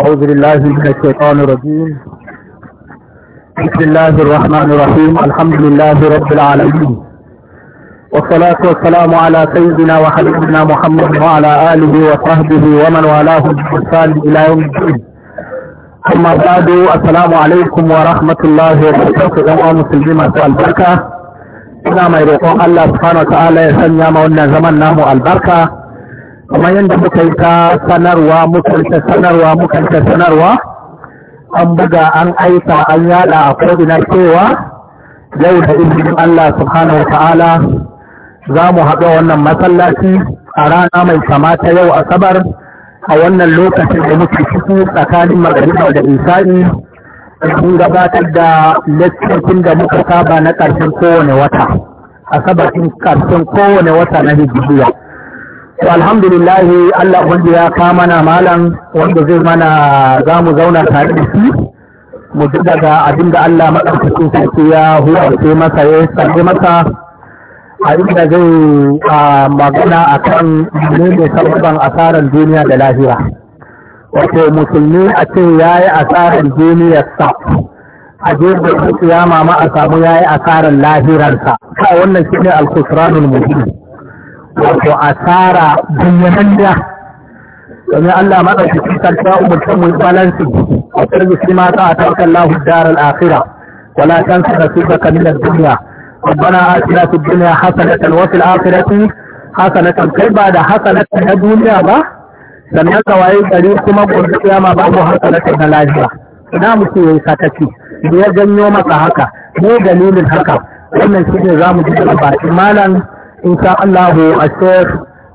أعوذ بالله من الشيطان الرجيم بسم الله الرحمن الرحيم الحمد لله رب العالمين والصلاة والسلام على سيدنا وحبيبنا محمد وعلى آله وصحبه ومن والاه بإحسان إلى يوم الدين أما بعد السلام عليكم ورحمة الله وبركاته جماعة مسلمين البركة إنما mai الله سبحانه وتعالى wa ta'ala ya sanya kamar yadda muka yi ta sanarwa muka ta sanarwa muka ta sanarwa an buga an aika an yada a kodina cewa yau da izinin Allah subhanahu wa ta'ala za mu haɗa wannan masallaci a rana mai kamata yau asabar a wannan lokacin da muke ciki tsakanin magariba da isa'i sun gabatar da lakcin da muka saba na ƙarshen kowane wata asabar ɗin ƙarshen kowane wata na hijiriya alhamdulillah Allah wanda ya kamana mana malam wanda zai mana za mu zauna tare da shi mu ji daga abin da Allah maɗaukakin sarki ya huwace masa ya sarki masa a zai magana a kan ne sababin asarar duniya da lahira wato musulmi a ce ya yi asarar duniyarsa a jirgin ya ma a samu ya yi asarar lahirarsa kai wannan shi ne alkusranul muhimmi wato asara bayyananniya domin Allah maɗaukaki sarta umarci mu balansi a tarbi ma ta tarkan lahu daral akhira wala tansa nasibaka min ad-dunya ربنا آتنا في الدنيا حسنة وفي الآخرة حسنة kai ba da حسنة na duniya ba sannan ka waye gari kuma gobe kiyama babu hasanata na lafiya ina mutum yayi sakaci ya janyo masa haka me dalilin haka wannan shine zamu ji daga malam insha allahu a Sheikh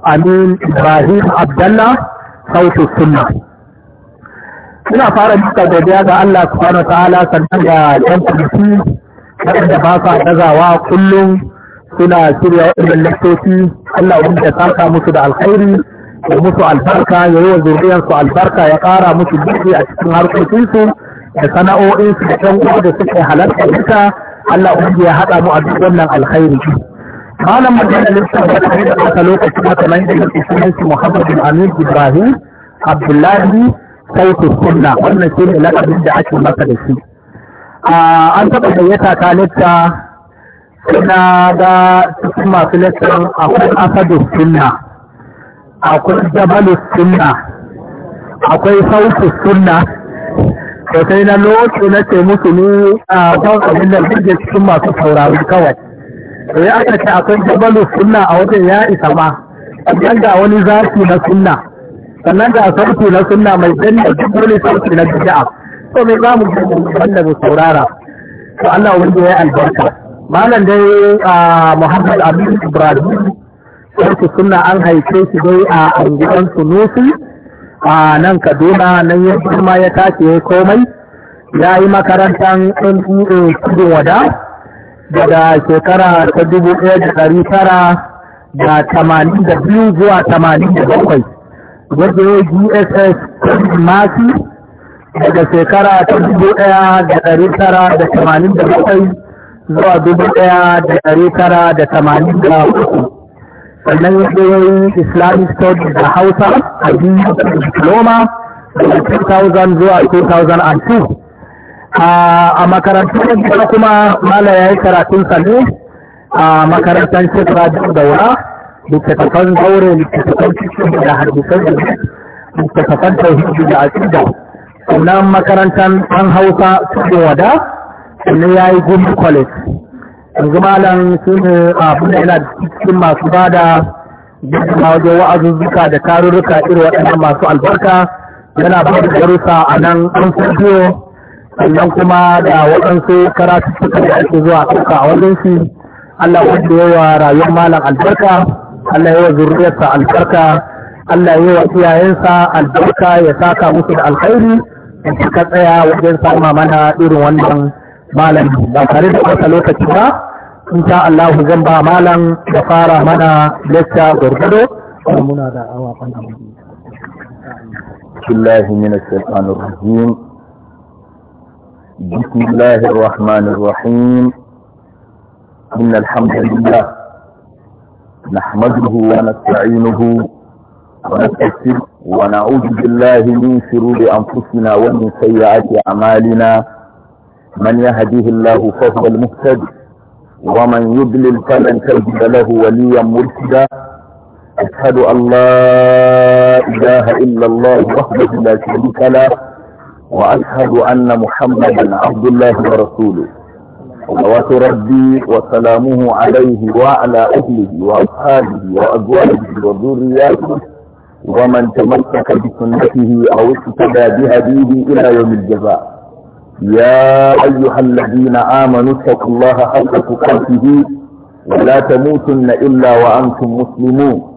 Amin Ibrahim Abdullah sautu sunna ina fara duka godiya ga Allah subhanahu ta'ala sannan da yan kwamiti waɗanda ba sa ɗagawa kullum suna shirya waɗannan lakcoci Allah wanda ya saka musu da alkhairi ya musu albarka ya yi wa zuriyarsu albarka ya ƙara musu buɗe a cikin harkokinsu da sana'o'insu da ɗan uwa da suke halarta ita Allah wanda ya haɗa mu a duk wannan alkhairi malam magana lissa da tare da aka lokaci da kamar da yake sunan shi Muhammad bin Amin Ibrahim Abdullahi Sautu Sunna wannan shi ne lakabin da ake masa da shi an taɓa gayyata ta lissa suna ga cikin masu lissan akwai asadu sunna akwai jabalu sunna akwai sautu sunna sosai na lokaci na ce musu ni a kan abin da suke cikin masu saurari kawai sai aka ce akwai jabalu sunna a wajen ya isa ma sannan ga wani zafi na sunna sannan ga sauti na sunna mai danna duk wani sauti na bid'a to me za mu ga wanda mu saurara to Allah wanda ya albarka malam dai a Muhammad Abdul Ibrahim sauti sunna an haife shi dai a anguwan Sunusi a nan Kaduna nan ya kuma ya tashi komai ya yi makarantar NPA e Wada daga shekara ta dubu ɗaya da ɗari tara da tamanin da biyu zuwa tamanin da bakwai wadda ya gss masu daga shekara ta dubu ɗaya da ɗari tara da tamanin da bakwai zuwa dubu ɗaya da ɗari tara da tamanin da uku sannan ya yi islamic studies da hausa a biyu diploma daga 2000 zuwa 2002 a makarantar gida kuma mala ya yi karatunsa ne a makarantar shekara da daura littattafan zaure littattafan cikin da hadisan da littattafan tauhidi da asida sannan makarantar ɗan hausa cikin wada sannan ya yi gumi kwalit yanzu malam su ne abin da yana cikin masu ba da gudunma wajen wa'azuzzuka da tarurruka irin waɗannan masu albarka yana ba da jarusa a nan an fi sannan kuma da waɗansu karatu karatuttuka da ake zuwa ɗauka a wajen shi Allah wanda ya wa rayuwar malam albarka Allah ya wa zuriyarsa albarka Allah ya wa iyayensa albarka ya saka musu da alkhairi da suka tsaya wajen sama mana irin wannan malam ba tare da wata lokaci ba in sha Allah zan ba malam da fara mana lecture gurgudo muna da awa kan Bismillahirrahmanirrahim بسم الله الرحمن الرحيم إن الحمد لله نحمده ونستعينه ونستغفره ونعوذ بالله من شرور أنفسنا ومن سيئات أعمالنا من يهديه الله فهو المهتد ومن يضلل فلن تجد له وليا مرشدا أشهد أن لا إله إلا الله وحده لا شريك له وأشهد أن محمدا عبد الله ورسوله صلوات ربي وسلامه عليه وعلى أهله وأصحابه وأزواجه وذرياته ومن تمسك بسنته أو اقتدى بهديه إلى يوم الجزاء يا أيها الذين آمنوا اتقوا الله حق تقاته ولا تموتن إلا وأنتم مسلمون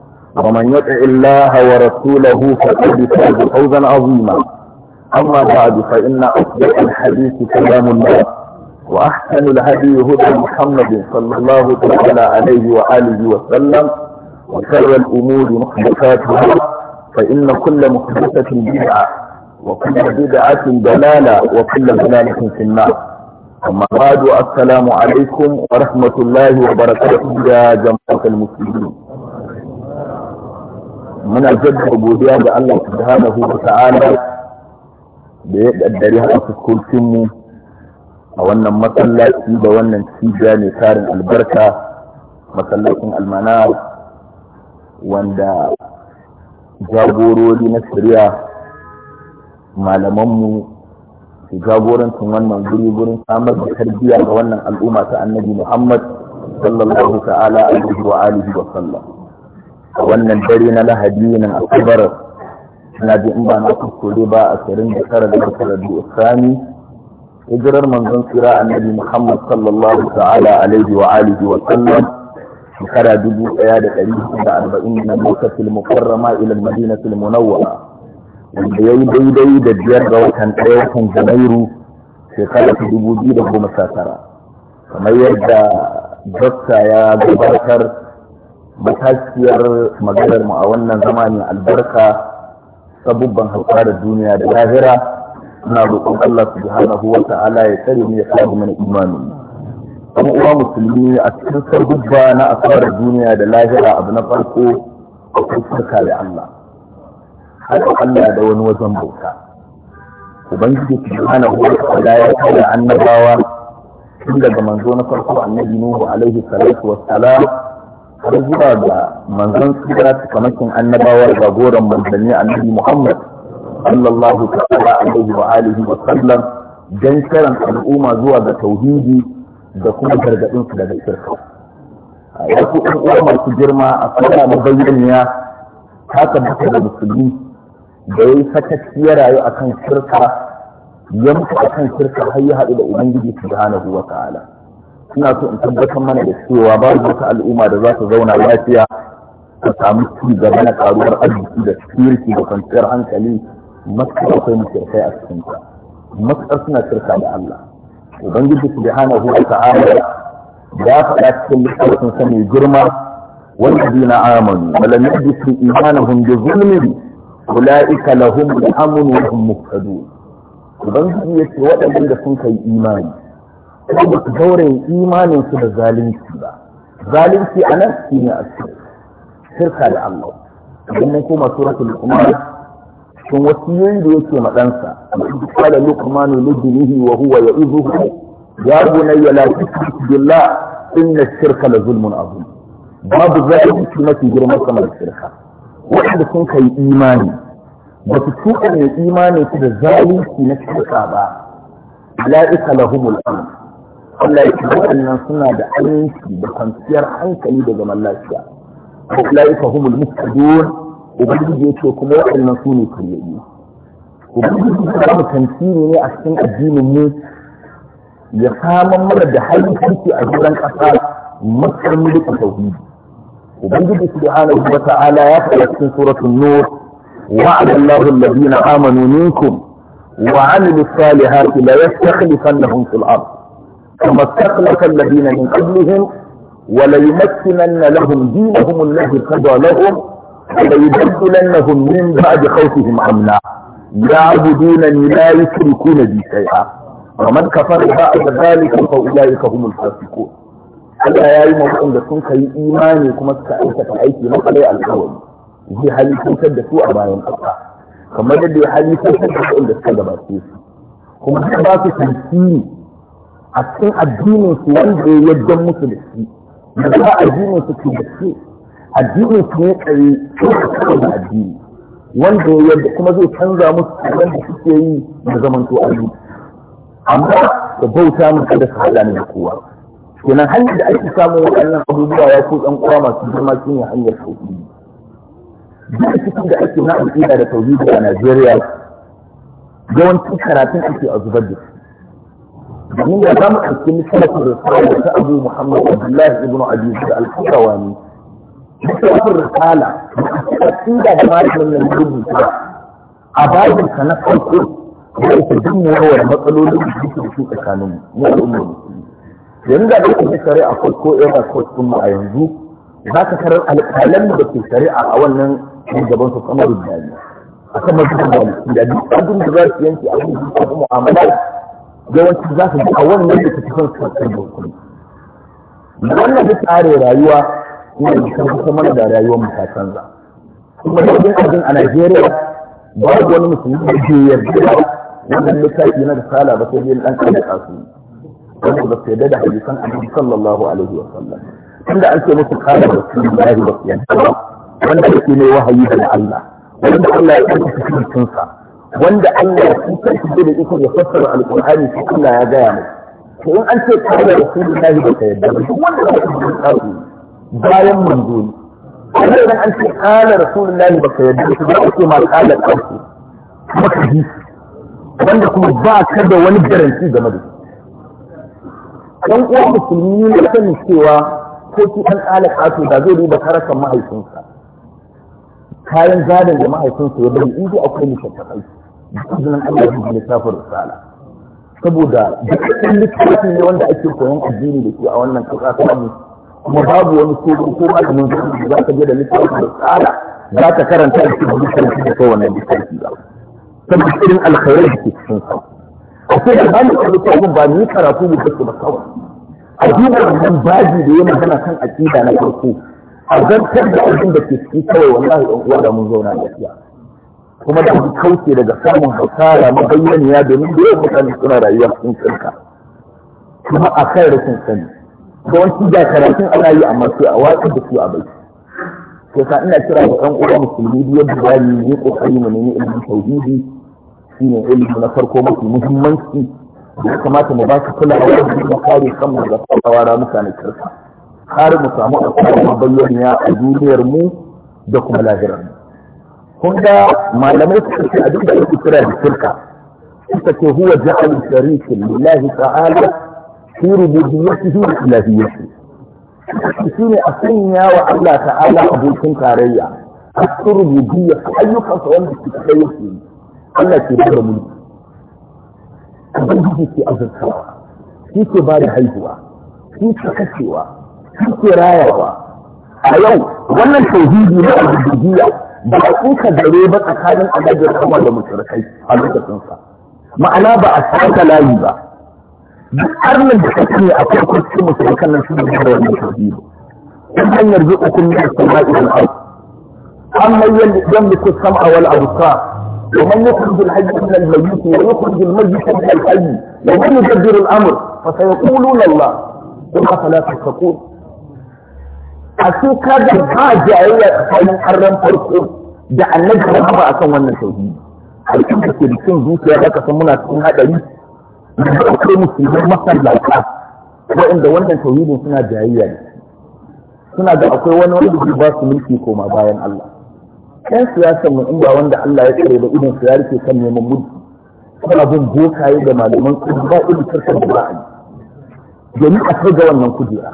ومن يطع الله ورسوله فقد فاز فوزا عظيما اما بعد فان اصدق الحديث كلام الله واحسن الهدي هدى محمد صلى الله تعالى عليه واله وسلم وشر الامور محدثاتها فان كل محدثه بدعه وكل بدعه ضلاله وكل ضلاله في النار اما بعد السلام عليكم ورحمه الله وبركاته يا جماعه المسلمين muna jaddada godiya ga Allah subhanahu wa ta'ala da ya daddare haka fuskokin mu a wannan masallaci da wannan cibiya mai tarin albarka masallacin almana wanda jagorori na shirya malamanmu su jagorancin wannan guri gurin samar da tarbiyya ga wannan al'umma ta annabi muhammad sallallahu ta'ala alaihi wa alihi wa sallam wannan dare na lahadi na alkubar na ji in ba na kuskure ba a shirin da tara da tara da islami hijirar manzon tsira annabi muhammad sallallahu ta'ala alaihi wa alihi wa sallam shekara dubu ɗaya da ɗari da arba'in na lokacin mukarrama ila madinatul munawwara wanda ya yi daidai da biyar ga watan ɗaya watan janairu shekara ta dubu biyu da goma sha tara kamar yadda dokta ya gabatar matashiyar maganar mu a wannan zamani albarka sabubban da duniya da lahira ina roƙon Allah subhanahu wa ta'ala ya tsare mu ya kare mana imani kuma uwa musulmi a cikin sabubba na asarar duniya da lahira abu na farko akwai shirka da Allah har Allah da wani wajen bauta ubangiji subhanahu wa ta'ala ya annabawa tun daga manzo na farko annabi Nuhu alaihi salatu wassalam har zuwa ga manzon sura kamakin annabawa ga goron manzanni annabi Muhammad sallallahu ta'ala alaihi wa alihi wa sallam dan kiran al'umma zuwa ga tauhidi da kuma gargadin su daga shirka wasu al'umma masu girma a sallah mabayyaniya ta tabbata da musulmi da ya yi sakacciyar rayu akan shirka ya mutu akan shirka har ya haɗu da ubangiji subhanahu wa ta'ala Suna so in tabbatar mana da cewa babu wata al'umma da za ta zauna lafiya ta samu ci gaba na karuwar arziki da security da kwanciyar hankali matsar akwai mushrikai a cikin ta matsar suna shirka da Allah ubangiji subhanahu wa ta'ala ya faɗa cikin littafin sa mai girma na والذين آمنوا ولم يلبسوا إيمانهم بظلم أولئك لهم الأمن وهم مهتدون ubangiji ya ce waɗannan da sun kai imani kuma ba su gauraye imaninsu da zalunci ba zalunci a nan shi ne a shirka da Allah idan mun koma suratul luqman sun wasiyoyi da yake ma ɗansa qala luqman libnihi wa huwa ya'izuhu ya bunayya la tushrik billah inna ash-shirka la zulmun azim babu zalunci mafi girman sama da shirka wanda sun kai imani ba su tuka ne imani su da zalunci na shirka ba la'ika lahumul amr Allah ya ce waɗannan suna da aminci da kwanciyar hankali da zaman lafiya ko lai ka humul muhtadun ubangiji ya ce kuma waɗannan su ne kuryayyu ubangiji ya ba mu tantini ne a cikin addinin mu ya saman mana da halin kirki a duran ƙasa matsar mulkin tauhidi ubangiji subhanahu wa ta'ala ya faɗa cikin suratul nur وعد الله الذين آمنوا منكم وعملوا الصالحات ليستخلفنهم في الأرض كما استخلف الذين من قبلهم وليمكنن لهم دينهم الذي قضى لهم وليبدلنهم من بعد خوفهم امنا يعبدونني لا يشركون بي شيئا ومن كفر بعد ذلك فاولئك هم الفاسقون هل يا يا موضوع ده سن كاي ايماني كما سكايت في ما كاي الكون دي هل كان سد سوء بايان الله كما ده دي هل كان سد سوء ده كما سي كما ده باسي تنسيني a cikin addinin su wanda ya yadda musu da shi da za a addinin su ke da shi addinin su ne tsaye da addini wanda ya yadda kuma zai canza musu abin da suke yi da zaman to addini amma da bauta mun da sahala ne kowa kenan hanyar da ake samun waɗannan abubuwa ya ko ɗan uwa masu girma ne hanyar tauhidi duk cikin da ake na addini da tauhidi a Najeriya yawancin karatun ake a zubar da shi domin da za mu ɗauki misalin risala ta abu muhammad abdullahi ibn aziz da alkawani misalin risala a tsira da malamin nan rubuta a babin sa na farko da ita duk mu yawar matsalolin da suke su tsakaninmu mu al'ummar musulmi yanzu da ake da shari'a farko yana kotun mu a yanzu za ka karar alƙalan da ke shari'a a wannan shugaban su a da musulmi duk abin da za su yanke abin da mu'amala yawanci za su ji a wannan da ta fi son su karɓar kuɗi wannan duk tsare rayuwa ina da kan kusa mana da rayuwar mu ta canza kuma da wajen abin a Najeriya babu wani musulmi da ke yarda wannan littafi na risala ba sai dai dan kada kasu wanda ba sai da hadisan annabi sallallahu alaihi wa sallam tunda an ce musu qala rasulullahi wa ba, wanda yake ne wahayi daga Allah wanda Allah ya tsaya cikin sa wanda Allah ya fitar shi da ita ya fassara alƙur'ani shi Allah ya gaya mai to in an ce da rasulullahi da ka yadda duk wanda ba ka yi tsari bayan manzo ne amma idan an ce kana da ba ka yadda ba ka ce ma da ƙarfi kuma ka ji wanda kuma ba ka da wani garanti game da shi dan uwa musulmi ne sanin cewa ko shi an alaƙa da zai duba karakan mahaifinsa kayan gadon da mahaifinsa ya bari in ji akwai nishattakai izinin Allah ya littafin risala saboda dukkan littafi ne wanda ake koyon addini da shi a wannan ƙasa ta mu kuma babu wani ko ko malamin zai za ka je da littafin risala za ka karanta shi da littafi da kai wannan littafi ba saboda irin alkhairai da ke cikin sa a sai da bani da littafin ba ni karatu ne kake ba kawai a duba wannan baji da ya magana kan aqida na farko a zantar da abin da ke ciki kawai wallahi ɗan uwa da mun zauna lafiya kuma da kauce daga samun hausa hasara mabayyaniya domin da mutane suna rayuwa cikin tsarka kuma a kan rashin sani yawanci da karatun ana yi amma sai a watsa da su a bai to ka ina kira da ɗan uwa musulmi biyar da za mu yi kokari mu nemi ilimin tauhidi shine ilimi na farko mafi muhimmanci da kamata mu ba a wasu da kuma kare kanmu daga tsawawa ramuka na shirka har mu samu a mabayyaniya a duniyar mu da kuma lahirar kun malamai suka ce abin da ake kira da shirka suka ce huwa ja'al sharikin lillahi ta'ala fi rububiyyatihi wa ilahiyyatihi shi ne a sanya wa Allah ta'ala abokin tarayya a cikin rububiyya ayyukansa wanda ke kaɗai yake yi Allah ke da mulki Ubangiji ke azurtawa, shi ke ba da haihuwa, shi ke kashewa, shi ke rayawa. A yau, wannan tauhidi na abubuwa ba a kuka gare ba tsakanin annabi rahama da mushrikai a lokacin sa ma'ana ba a saka layi ba duk arnin da kake ne a farkon cikin mushrikan nan su ne da wannan tauhidi in hanyar zuwa kun da sama'i wal ardh amma yamliku as-sam'a wal absar ومن يخرج الحي من الميت ويخرج الميت من الحي ومن يدبر الامر فسيقولون الله قل افلا تتقون a su kaga ba jayayya tsakanin arran farko da annabi ba ba akan wannan tauhidi alkin da ke zuciya da san muna cikin hadari da akwai musulmai masallaka waɗanda wannan tauhidin suna jayayya ne suna da akwai wani wanda zai ba su mulki koma bayan Allah ɗan siyasar mu inda wanda Allah ya tsare da idan su ya rike kan neman mulki suna bin bokaye da malaman kuma ba irin kirkar da ba'a yi domin a kai ga wannan kujera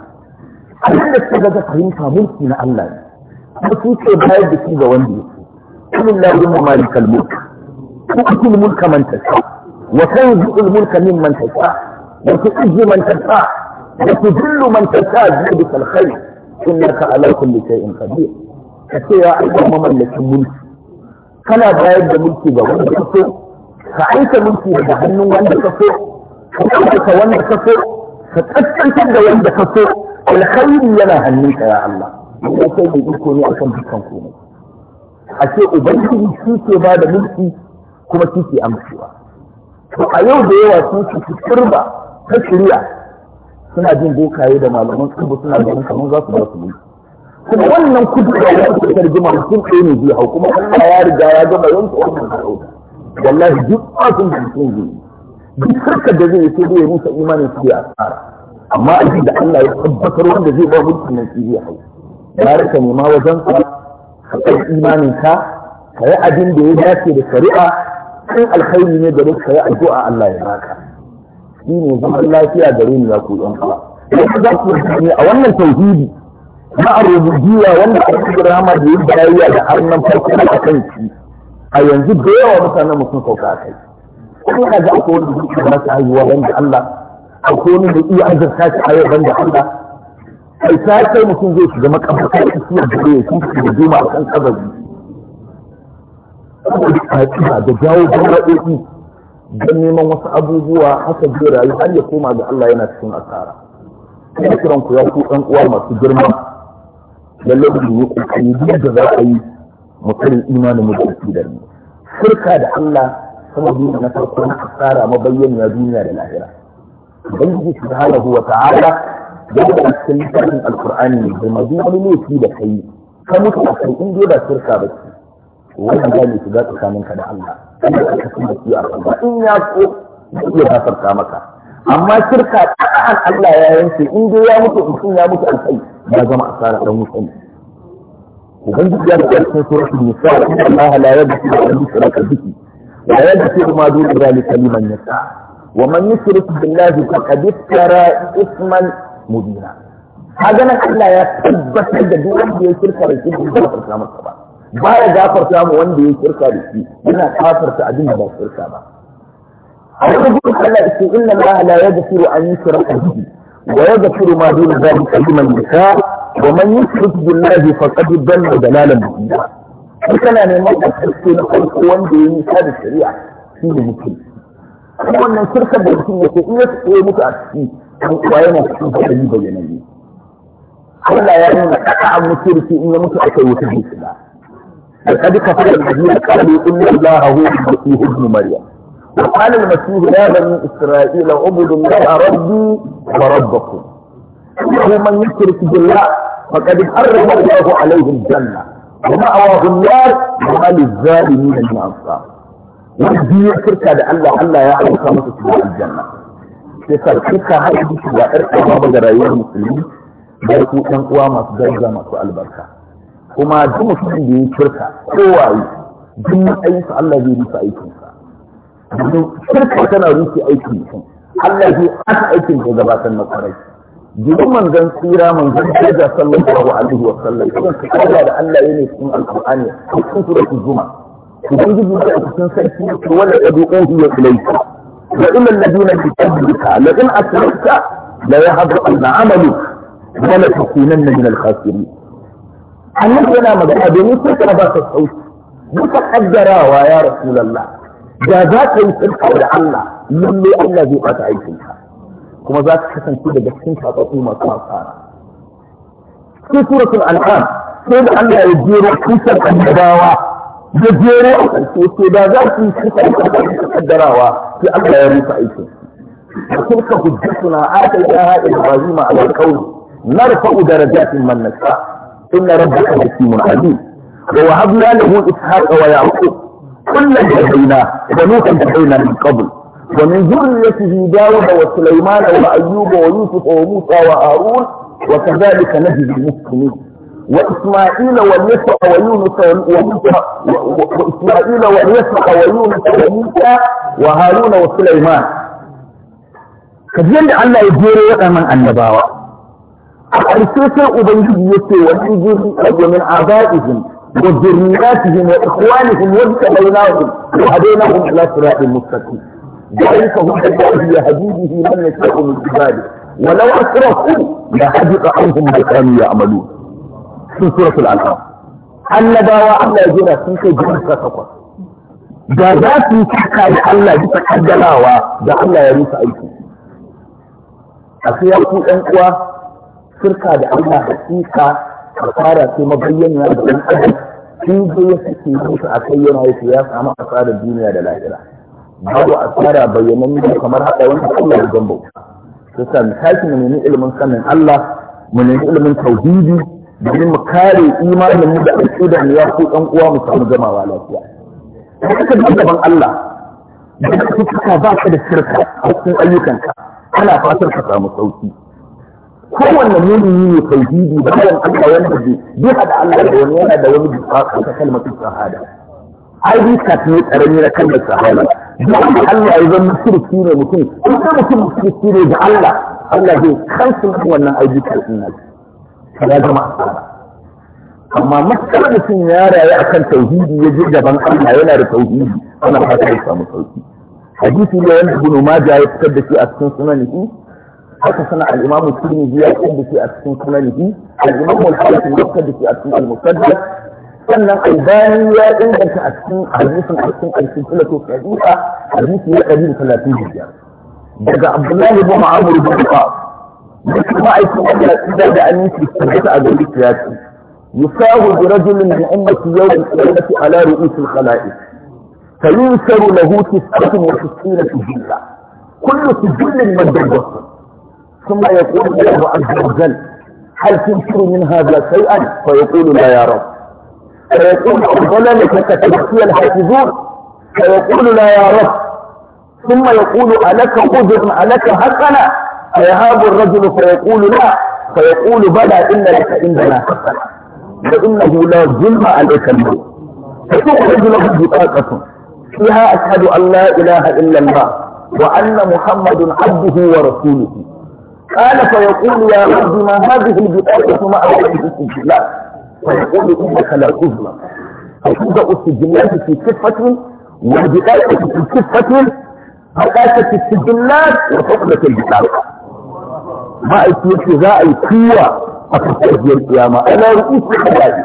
abin da suka daga fahimta mulki na Allah ne kuma su ke bayar da shi ga wanda ya ce kullum la yumma malikal mulk tu'til mulka man tasha wa tanzi'ul mulka mimman tasha wa tu'izzu man tasha wa tudillu man tasha bi yadikal khair innaka ala kulli shay'in qadir kace ya Allah mamallakin mulki kana bayar da mulki ga wanda ka so ka aika mulki daga hannun wanda ka so ka aika wanda ka so ka kaskantar da wanda ka so alkhairi yana hannunka ya Allah ya kai mai iko ne akan dukkan komai a ce ubangiji shi ke ba da mulki kuma shi ke amshewa to a yau da yawa sun su turba ta shirya suna jin bokaye da malaman tsubu suna ganin kamar za su ba su mulki kuma wannan kudu da ya ke tarjima mutum ɗaya ne zai hau kuma Allah ya riga ya gama yanzu wannan sarauta wallahi duk asin da mutum zai yi duk harkar da zai yi sai dai ya rusa imanin su ya asara amma abin da Allah ya tabbatar wanda zai ba mulkin nan shi zai hau ya rika nema wajen ka ka kai imanin ka ka yi abin da ya dace da shari'a kan alkhairi ne da ka kai addu'a Allah ya baka shi ne zaman lafiya gare ni ya ku yan uwa yanzu za ku ne a wannan tauhidi na arubudiyya wanda a cikin rama da yi bayayya da arnan farko a kan shi a yanzu da yawa mutanen mutum sauka a kai kuma ga akwai wanda suke ba su haihuwa wanda Allah a kone da iya azurta shi a yau banda Allah kai ta kai mutum zai shiga makabarta shi suna gare ya sun shiga duma a kan kabari saboda da jawo jama'i don neman wasu abubuwa haka zai rayu har ya koma ga Allah yana cikin asara ina kiran ku ya ku ɗan uwa masu girma lallai da yi kokari duk da za a yi mutum imanin mutum da ni. shirka da Allah sama duniya na farko na asara mabayyana duniya da lahira ubangiji subhanahu wa ta'ala ya da cikin littafin alqur'ani bai ma duk wani laifi da kai ka mutu a kai in dai ba shirka ba ce wannan gani shiga tsakanin ka da Allah kuma ka kasu da shi a Allah in ya so zai iya gafarta maka amma shirka ta'an Allah ya yanke in dai ya mutu mutum ya mutu a kai ya zama asara dan mutum ubangiji ya da cikin suratul nisa Allah la yadhkuru an yushraka bihi wa yadhkuru ma dun dhalika liman yasha ومن يشرك بالله فقد افترى اثما مبينا هذا انا الله يا تبت da duk wanda ya shirka da shi ya farka masa ba ba ya gafarta wanda ya shirka da shi yana kafarta abin da ba shirka ba Allah ya ce Allah ya ce inna Allah la yaghfiru an yushraka bihi wa yaghfiru ma dun dhalika liman yasha wa man yushrik billahi faqad dalla dalalan neman ka tsare wanda ya yi shari'a shi ne mutum wannan shirkar da mutum yake in ya tsaye mutu a ciki an kuwa yana cikin hadari bayyana ne Allah ya nuna kaka an mushriki in ya mutu akai wuta ne shiga لقد كفر الذين قالوا ان الله هو المسيح ابن مريم وقال المسيح يا بني اسرائيل اعبدوا الله ربي وربكم انه من يشرك بالله فقد حرم الله عليه الجنه ومأواه النار وما للظالمين من انصار wanda biyu ya kirka da Allah Allah ya aika masa shiga aljanna sai sa shirka har yi shiga ɗar ƙarfa ga rayuwar musulmi da ku ɗan uwa masu daraja masu albarka kuma duk mutumin da ya shirka kowaye duk matsayinsa Allah zai rufe aikinsa domin kirka tana rufe aikin mutum Allah zai aka aikin ka gabatar na kwarai domin manzon tsira manzon daraja sallallahu alaihi wa sallam kuma ka da Allah yana cikin alƙur'ani cikin suratul zuma ubangiji da a cikin sarki yake wala kadu uhiya ilayka wa ila alladhina bi qablika la in asrakta la yahdu an amalu wa la takunanna min al-khasirin annabi yana magana domin sai ka ba ka sauki duka kaddarawa ya rasulullah da za ka yi sulka da Allah lalle Allah zai bata aikinka kuma za ka kasance daga cikin kafafu masu asara sai suratul an'am sai da Allah ya jero kusan annabawa da jere ce da za su yi kaddarawa sai Allah ya rufe aikin وتلك حجتنا آتيناها إبراهيم على الكون نرفع درجات من نشاء إن ربك حكيم عليم ووهبنا له إسحاق ويعقوب كلا هديناه ونوحا هدينا من قبل ومن ذريته داود وسليمان وأيوب ويوسف وموسى وهارون وكذلك نجد المسلمين وإسماعيل واليسع ويونس وإسماعيل واليسع ويونس وموسى وهارون وسليمان kaji da Allah ya jere waɗannan annabawa a ƙarshe sai ubangiji ya ce wa injiri min abaihim wa zurriyatihim wa ikhwanihim wa tabaynahum wa hadaynahum ila siratin mustaqim ذلك هو الذي يهديه من يشاء من عباده ولو اشركوا لحبط عنهم ما كانوا يعملون cikin suratul al'am annabawa Allah ya jira sun kai jira takwas da za su yi taka da Allah bisa kaddalawa da Allah ya rusa aiki a sai ya ku ɗan uwa shirka da Allah tsika a fara sai mabayyana da ɗan adam shi da ya suke rusa a kai yana yake ya samu asarar duniya da lahira babu asara bayyanan kamar haɗa wanda Allah ya gamba. Sassan, tashi mu nemi ilimin sanin Allah mu nemi ilimin tauhidi domin mu kare imanin mu da alƙida ne ya ku ɗan uwa mu samu gamawa lafiya da kaka ji gaban Allah da kaka kaka ba ka da shirka a cikin ayyukanka ana fatar ka samu sauki kowanne mumini ne tauhidi ba kan Allah wanda bai bai da Allah da wani yana da wani jifaka ta kalmatin shahada ai bi ka tuni karami na kalmar shahada duk Allah ya zama shirki ne mutum in mutum shirki ne da Allah Allah zai kansu wannan ayyukan nan ya zama asara amma matsala mutum ya rayu a kan tauhidi ya je gaban Allah yana da tauhidi ana fata ya samu sauki hadisi ne wanda ibn majah ya fitar da shi a cikin sunanihi haka sana al-imam tirmidhi ya fitar da shi a cikin sunanihi al-imam al-hakim ya fitar da shi a cikin al-musaddaq sannan albani ya inganta a cikin hadisin a cikin al-silsilatu sahiha hadisi ya 135 daga abdullahi ibn amr ibn qas لكن ما يكون إذا رجل من أمة يوم القيامة على رؤوس الخلائق فينشر له تسعة وتسعين سجلة كل سجل من درجته ثم يقول الله عز وجل هل تنشر من هذا شيئا فيقول لا يا رب فيقول أولا كتبتي الحافظون فيقول لا يا رب ثم يقول ألك قدر ألك هكذا فيهاب الرجل فيقول لا فيقول بلى إن لك عندنا فإنه لا ظلم عليك الموت فتخرج له بطاقة فيها أشهد أن لا إله إلا الله وأن محمد عبده ورسوله قال فيقول يا رب ما هذه البطاقة ما أعرفه السجلات فيقول إنك لا تظلم فتبدأ السجلات في كفة والبطاقة في كفة في السجلات وفقدت البطاقة ma'aiki yake za a yi kuwa a fuskar kiyama ana rukuku a gari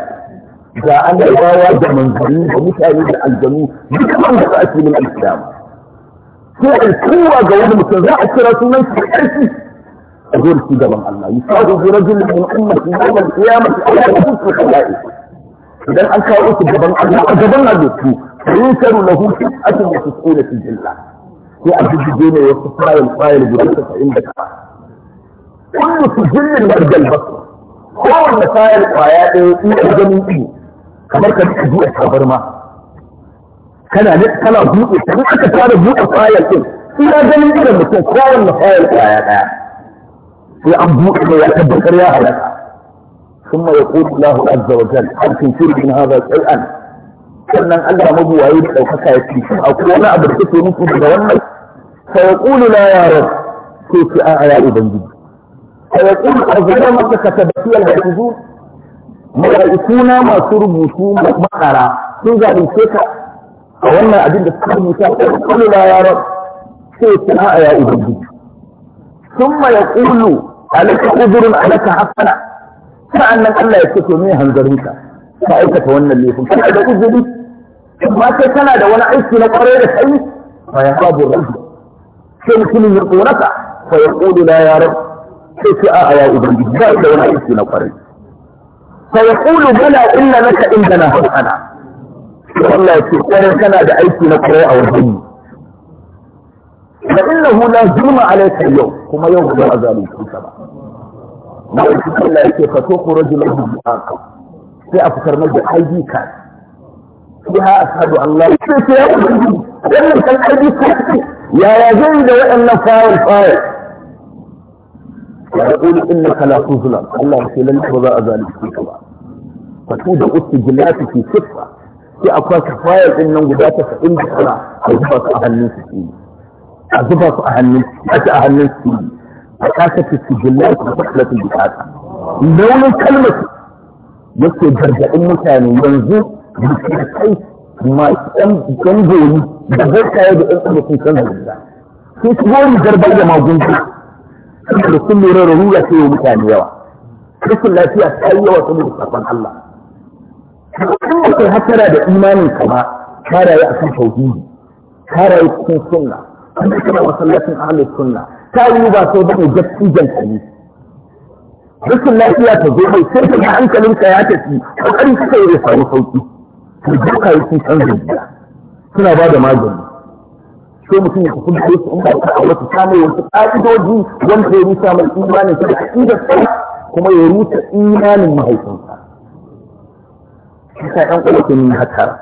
Da an da bawa da manzanni da mutane da aljanu duk ban da ake min alkiyama sai a yi kuwa ga wani mutum za a kira sunan su ƙarfi a zo da gaban Allah yusadu bi rajulin min ummati yawm al-qiyamati ala rukuku al-khalaiq idan an kawo su gaban Allah a gaban Allah su yusadu lahu fi'atun wa tis'una fi jillah sai a jijjige ne wasu fayil fayil guda 70 كل سجل ورد البصر هو المسائل وآياته الجميعية كبرك بكذوء الخبر ما كان لك كان ذوء الخبر أنت كان ذوء الخبر إلى جميعية المسائل هو المسائل وآياته في أبوء ما يعتبر لك ثم يقول الله عز وجل هل تنشر من هذا الشيء أنا كان الله مبوا يبقى وحكا يتلك أو كان أبرتك ونكو بجوانك فيقول لا يا رب كيف أعلى إذن جدا فيقول أظلامة كتبتي الحفظون suna masu rubutu makara sun zalunce ka a wannan abin da suka rubuta kullu la ya rab sai ki a ya ubangiji thumma yaqulu alaka udrun alaka hasana sa'annan Allah ya ce to me hanzarin ka ka aikata wannan laifin kana da uzuri amma da wani aiki na kware da kai fa ya rabu rabbi sai mutumin sai ce a'a ya ubangiji ba da wani aiki na kwarai fa yaqulu bala inna laka indana hasana Allah ya ce kwarai kana da aiki na kwarai a fa innahu la zulma alayka yau kuma yau ba za ba na Allah ya ce fa lahu sai a fitar da ID fiha an la ilaha illa Allah wannan kan zai da waɗannan fayil fayil wa yaqulu innaka la tuzlam Allah ya ce lalle ba za a zalunce ka ba fa tu da ustijlatu fi sifa sai akwai kafaya din nan guda ta sa'in da kana a zuba su a hannun su a zuba su a hannun su a hannun su a kasa ta sijillatu da fasalatu bi kasa launin kalmar yake gargaɗin mutane yanzu da ke kai masu ɗan gangoni da zai kayo da ɗan tsarafin kan zuwa sun shigo rigar bai da magungu da sun lura rarura ce wa mutane yawa rashin lafiya ta yi yawa saboda sakon Allah kan da kai hasara da imanin ka ba ka rayu akan tauhidi ka rayu cikin sunna an da kana masallacin ahlus sunna ta yi ba sai bane gaskiyan ka ne rashin lafiya ta zo mai sai hankalin ka ya tafi kokarin kake ya samu sauki ka je ka yi cikin zuciya suna ba da magani sai mutum ya tafi da su in ba a wasu samun wasu ƙa'idoji wanda ya rusa mai imanin sa da aƙidar kuma ya rusa imanin mahaifinsa. Kisa ɗan uwa ke nuna hatara.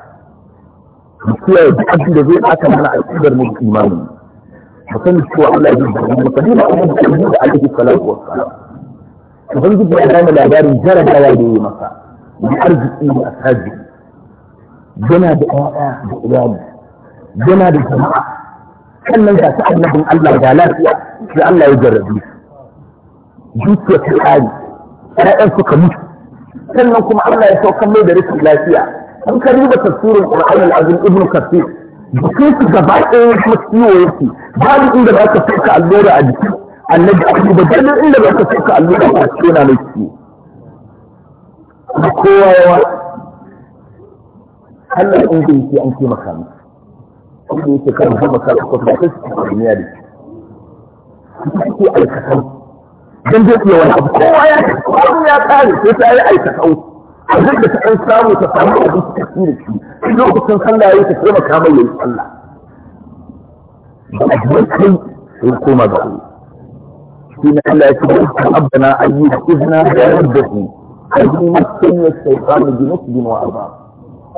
Mu kiyaye duk abin da zai ɓata mana aƙidar mu imanin. Mu sani cewa Allah ya zai mu sani na abin da ya da alaihi salatu wa salam. Ubangiji ya gane labarin jarabawa da ya yi masa. Mu arziki da asaji. Yana da ƴaƴa da iyali. Yana da jama'a sannan ga su annabin Allah da lafiya sai Allah ya jarrabe su zuciya ta tsari ƴaƴan suka mutu sannan kuma Allah ya sauka mai da rashin lafiya an ka riba tafsirin Qur'an al-Azim Ibn Kathir jikin su gaba ɗaya kuma ciwo yake babu inda za ka sauka allura a jikin annabi a kuma dalilin inda za ka sauka allura a cikin mai ciwo kowa yawa Allah in bai an taimaka maka wanda yake kan zuba karfafa da kashi a duniya da shi ake aikatau don zai iya wani abu kowa ya kowa ya kare sai ta yi aikatau a duk da ta an samu ta samu abin ta tafi da shi duk lokacin sallah ya ta taimaka mai yayi sallah ba a jiya kai sai koma ga ku shi na Allah ya ce ba abana ayyuka izna da yadda ku ayyuka sun yi shaytan jinus bin wa arba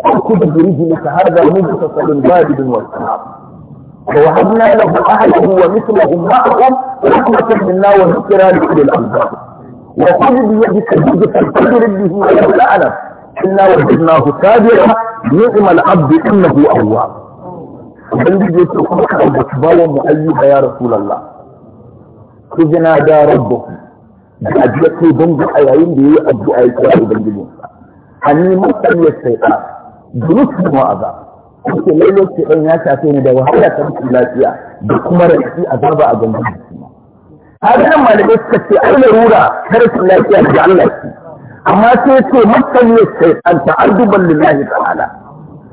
أركض برجلك هذا مبسط من بادد ووهبنا له أهله ومثلهم معهم رحمة منا وذكرى لكل الأنباب وخذ بيدك جزء القدر به ولو الألم إنا وجدناه سابقا نعم العبد إنه أواب وعندي جيت لقمك الأسباب المؤيدة يا رسول الله خذنا يا ربكم بأجلك بنجح أيام بيه أبو أيك يا ربنجي بنجح أني مستني الشيطان durusun wa'aza yake lallai ce ɗan ya shafe ni da wahala ta rashin lafiya da kuma rashi a zaba a gangan jikina haka nan malamai suka ce ai larura ta rashin lafiya da Allah ce amma sai ce masanyar shaitan ta'adduban lillahi ta'ala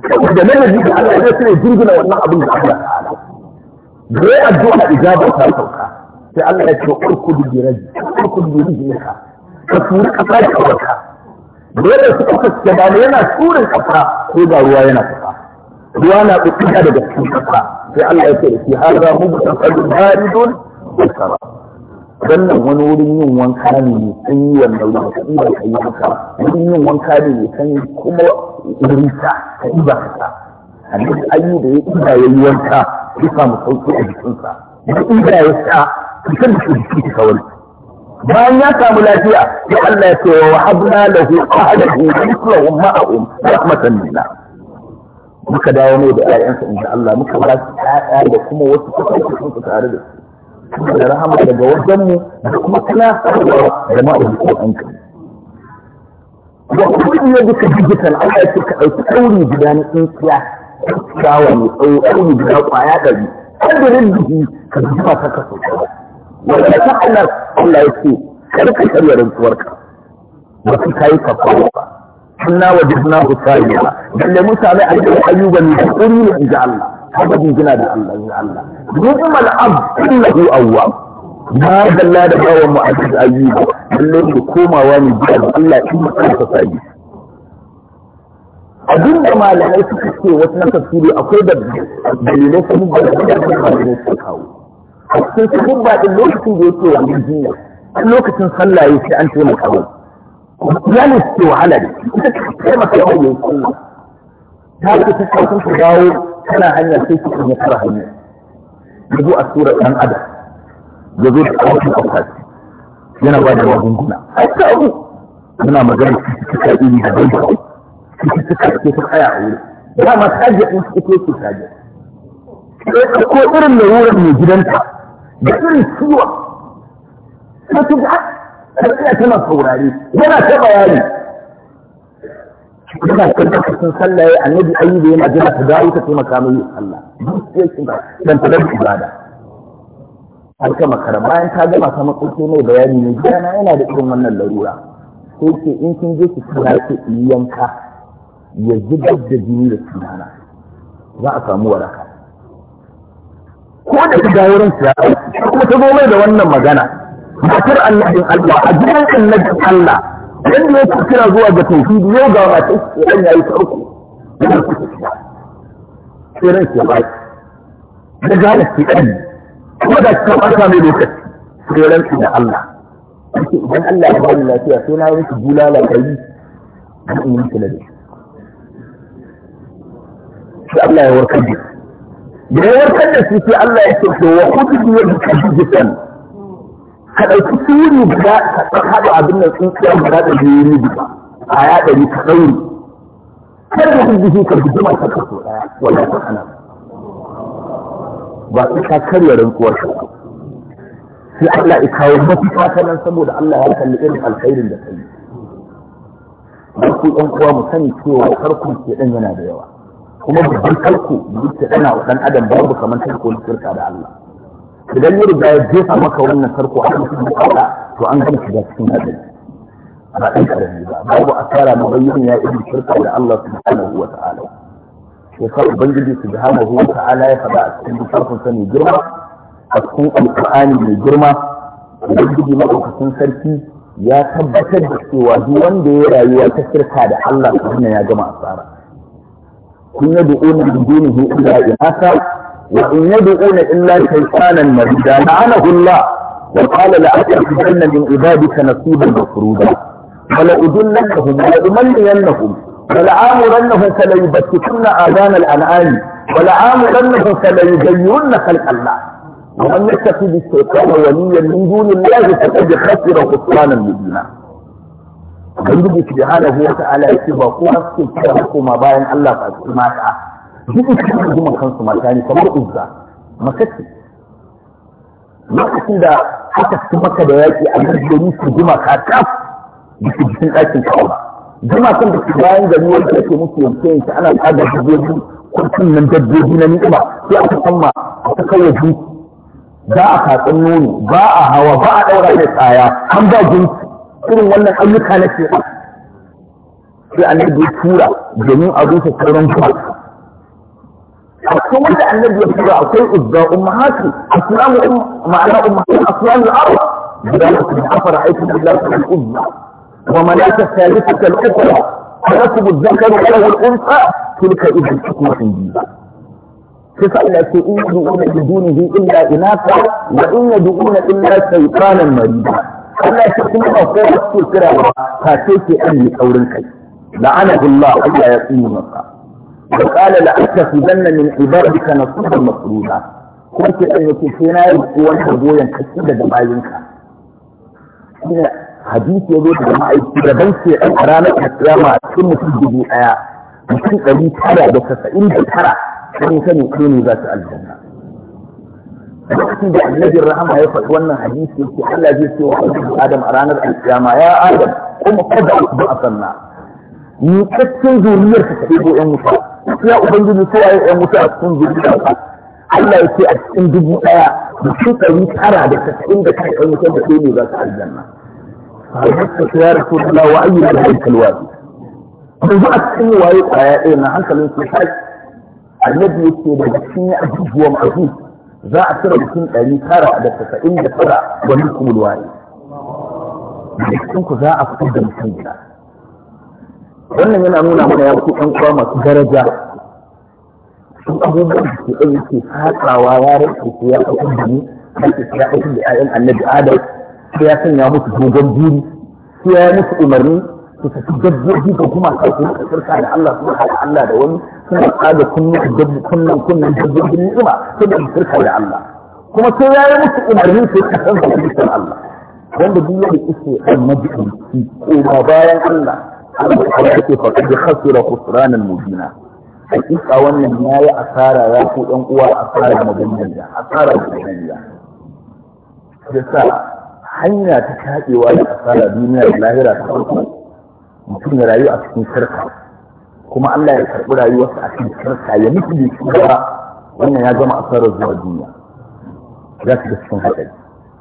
saboda na nabi da Allah zai sai jirgina wannan abin da Allah ta'ala da ya addu'a ijaba ta sauka sai Allah ya ce urkudu bi raji urkudu bi rajika ka turi ka fara kawarka dole suka fuske da yana shurin kafara ko da ruwa yana kafa ruwa na tsittsiya daga cikin kafa sai Allah ya ce da shi har za mu mutan kallu baridun dan nan wani wurin yin wanka ne mai sanyi wannan ruwa ka ɗiba ka yi haka wurin yin wanka ne mai sanyi kuma wurin sa ka ɗiba ka sa annabi ayyu da ya ɗiba ya yi wanka ya samu sauki a jikinsa da ɗiba ya sa kusan da shi jiki ka wani bayan ya samu lafiya ya Allah ya ce wa habna lahu ahadahu mithluhum ma'ahum rahmatan minna muka dawo ne da ƴaƴansa insha Allah muka ba su ƴaƴa da kuma wasu kusurkutun su tare da su da rahama daga wajen mu da kuma kana da ko an kai wa kulli yadika digital Allah ya ce ka ɗauki ɗauri guda na tsintsiya tsawa mai tsawo ɗauri guda ƙwaya ɗari ƙadirin dubi ka zuba ta kasance wanda ta Allah Allah ya ce kar ka karya rantsuwarka ba su kai kafara ba inna wajadna usaiya dalle mutane an ga ayyuba ne kuri ne inda Allah haka gina da Allah ya Allah ni'mal abd innahu awwab na dalla da bawan mu aziz ayyuba dalle ku komawa ne ga Allah in ka ka sai abin da malamai suka ce wasu na tafsiri akwai da dalilai sun da da malamai suka kawo a cikin sukun ba lokacin da yake wannan jinya lokacin sallah ya ce an taimaka mai ya su ke wahala ne ita ta taimaka mai ya yi sallah ta ce ta saukin ta dawo tana hanya sai su kan ya fara hanya ya zo a sura ɗan adam ya zo da ƙarfin ƙafasi yana ba da magunguna a tsawo muna magana cututtuka iri da bai da su da ke ta tsaya a wuri dama sajiyar ɗin su ke ke sajiyar ko irin larurar mai gidanta da ciwon sai ta ga iya tana saurari yana ta bayani yana kanta cikin sallah ya annabi ayyuba yana jira ta dawo ta taimaka mai sallah dukiyarki ba dan ta da ibada har makara bayan ta gama ta makoki mai bayani ne gidana yana da irin wannan larura sai ke in kin je ki kira ki yanka ya zubar da jini da sunana za a samu waraka ko da ta dawo ran ya kuma ta zo mai da wannan magana matar annabin Allah a gidan annabin Allah yadda ya kira zuwa ga tauhidi yau ga mata sai ya yi farko yana kusa sai ran ya bai da gane shi ɗan kuma da cikin ɓata mai lokaci sai ran da Allah idan Allah ya bani lafiya sai na yi miki bulala kai an yi miki ladabi sai Allah ya warkar da da ya warkar da shi sai Allah ya ce to wa kudu ya ka jisan ka dauki suri guda ka haɗa abin nan tsintsiyar guda da jiri guda a ya ɗari ka ɗauri kar da kudu shi ka gudu ma ka kaso ɗaya wala ta ana ba su ka karya rantsuwar shi sai Allah ya kawo mafita ta nan saboda Allah ya kalli irin alkhairin da ta yi. Barku ɗan uwa mu sani cewa farkon ke ɗan yana da yawa. kuma babban tarko da dana wa dan adam babu kamar tarko na shirka da Allah idan ya riga ya jefa maka wannan tarko a cikin Allah to an gama shiga cikin hadari ba dan karami ba babu asara mu bayyana ya irin shirka da Allah subhanahu wa ta'ala ya sa ubangiji subhanahu wa ta'ala ya faɗa a cikin littafin sa mai girma a cikin alqur'ani mai girma ubangiji madaukakin sarki ya tabbatar da cewa duk wanda ya rayuwa ta shirka da Allah kuma ya gama asara إن يدعون من دونه إلا إناثا وإن يدعون إلا شيطانا مريدا لعنه الله وقال لأتخذن من عبادك نصيبا مفروضا فلأدلنهم ولأمنينهم ولآمرنهم فليبتكن آذان الأنعام ولآمرنهم فليزينن خلق الله ومن يتخذ الشيطان وليا من دون الله فقد خسر خسرانا مبينا ubangiji zuwa ta ala yake ba ko haske kira koma bayan Allah ba su mata duk su kuma kansu mata ne kamar uzza makaci lokacin da aka ci maka da yaƙi a gurgurun su zuma ka kaf da su jikin ɗakin kawo Zuma kan da su bayan gari wani ake musu yanke yanke ana tsada dabbobi kurkun nan dabbobi na ni'ima sai aka samma ta kawai jinki za a tatsan nono ba a hawa ba a ɗaura mai tsaya an ba jinki irin wannan ayyuka na ce sai annabi ya tura domin a rufe sauran kuma a cikin wanda annabi ya tura akwai uzza ummahatu aslamu ma'ana ummahatu aslamu al-ard guda da kuma afara aiki billah kal uzza wa malaka thalitha kal ukhra alakum adh-dhakaru wa al-untha tilka idhan hukmatun biha kisa Allah ce in yu'minu bidunihi illa inasa wa in yad'una illa shaytanan marida Allah ya kuma ba ko su kira ba ka ce ke an yi kaurin kai la'anahu Allah Allah ya tsini masa wa qala la attakhizanna min ibadika nasiban mafruda ko ke an yake sai na yi ko wanda goyen kashi daga bayinka ina hadisi ya zo daga ma'aiki da ban ce an ranar kiyama cikin mutum dubu daya mutum ɗari tara da casa'in da tara sun sani ko ne za su aljanna lokacin da annabin rahama ya faɗi wannan hadisi yake Allah zai ce wa annabi Adam a ranar alkiyama ya Adam kuma kada ba a sanna ni kaccin zuriyar ka kai ko ƴan wuta ya ubangiji ko ai ƴan wuta a cikin zuriyar ka Allah ya ce a cikin dubu ɗaya da shekaru tara da tasa'in da kai ƴan wuta da kai ne za ka aljanna sahabbai ta ya rasulullah wa ayyu al-haykal wadi yanzu a cikin waye kwaya ɗaya na hankalin su sai annabi yake da cikin abubuwa masu za a cire mutum ɗari tara da tasa'in da tara wani kumul waye ku za a fitar da mutum guda wannan yana nuna mana ya fi ɗan uwa masu daraja sun abubuwan da ke ɗan yake fatsawa ya rage ko ya ɗaukar da ni ya ke ya ɗaukar da 'ya'yan annabi adam sai ya sanya musu dogon buri sai ya musu umarni su tafi dabbobi ko kuma ka kuma shirka da Allah su da Allah da wani suna kada kunnan dabbobi kunnan kunnan dabbobin ni'ima suna shirka da Allah kuma sai yayi musu umarni sai ka san shirka Allah wanda duk yadda yake an majinci ko bayan Allah Allah ya ce fa kad khasira khusranan mubina hakika wannan ya yi asara ya ku ɗan uwa asara maganiya asara maganiya da sa hanya ta kaɗewa da asara duniya da lahira ta farko mutum ya rayu a cikin shirka kuma Allah ya karɓi rayuwarsa a cikin shirka ya mutu da shi ba wannan ya gama asarar zuwa duniya za su ga cikin haɗari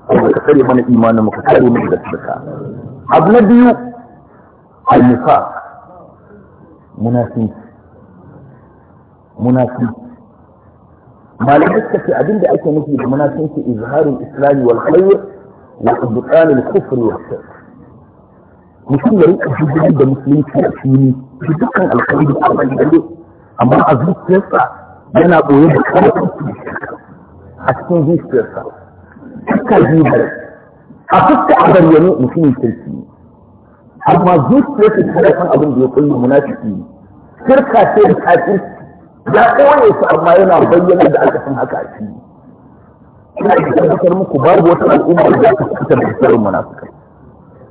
kuma ka tsare mana imanin mu ka tsare mana da shirka abu na biyu al-nifaq munafinci munafinci malamai suka ce abinda ake nufi da munafinci izharul islami wal khair wa ibtal al kufr wa shirk mutum ya rika hujjar da musulunci a fili da dukkan alkhairi a wani dare amma a zuciyarsa yana ɓoye da kawai a cikin zuciyarsa fuska zubar a fuska a bayyane mutumin kirki ne amma zuciyarsa ta da kan abin da ya kulle munafiki ne shirka ce da kafirci ya koye su amma yana bayyana da aka san haka a fili ina da tabbatar muku babu wata al'ummar da ta fitar da sirrin munafikai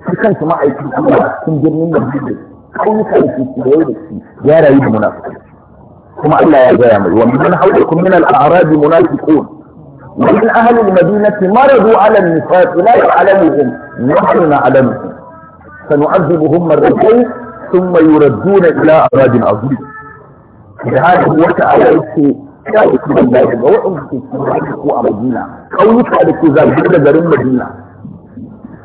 shi kansu ma'aikin Allah sun girmin da shi ayyuka da ke da yau da shi ya rayu da munafiki kuma Allah ya gaya mai wani man haulakum min al-a'rab munafiqun wa min ahli al-madinati maradu 'ala an-nifaq la ya'lamuhum nahnu na'lamuhum sanu'adhibuhum marratayn thumma yuradduna ila 'adabin 'azim da haka wata ayati ya uku da ga wa'un ke cikin ko a Madina kauyuka da ke zabi da garin Madina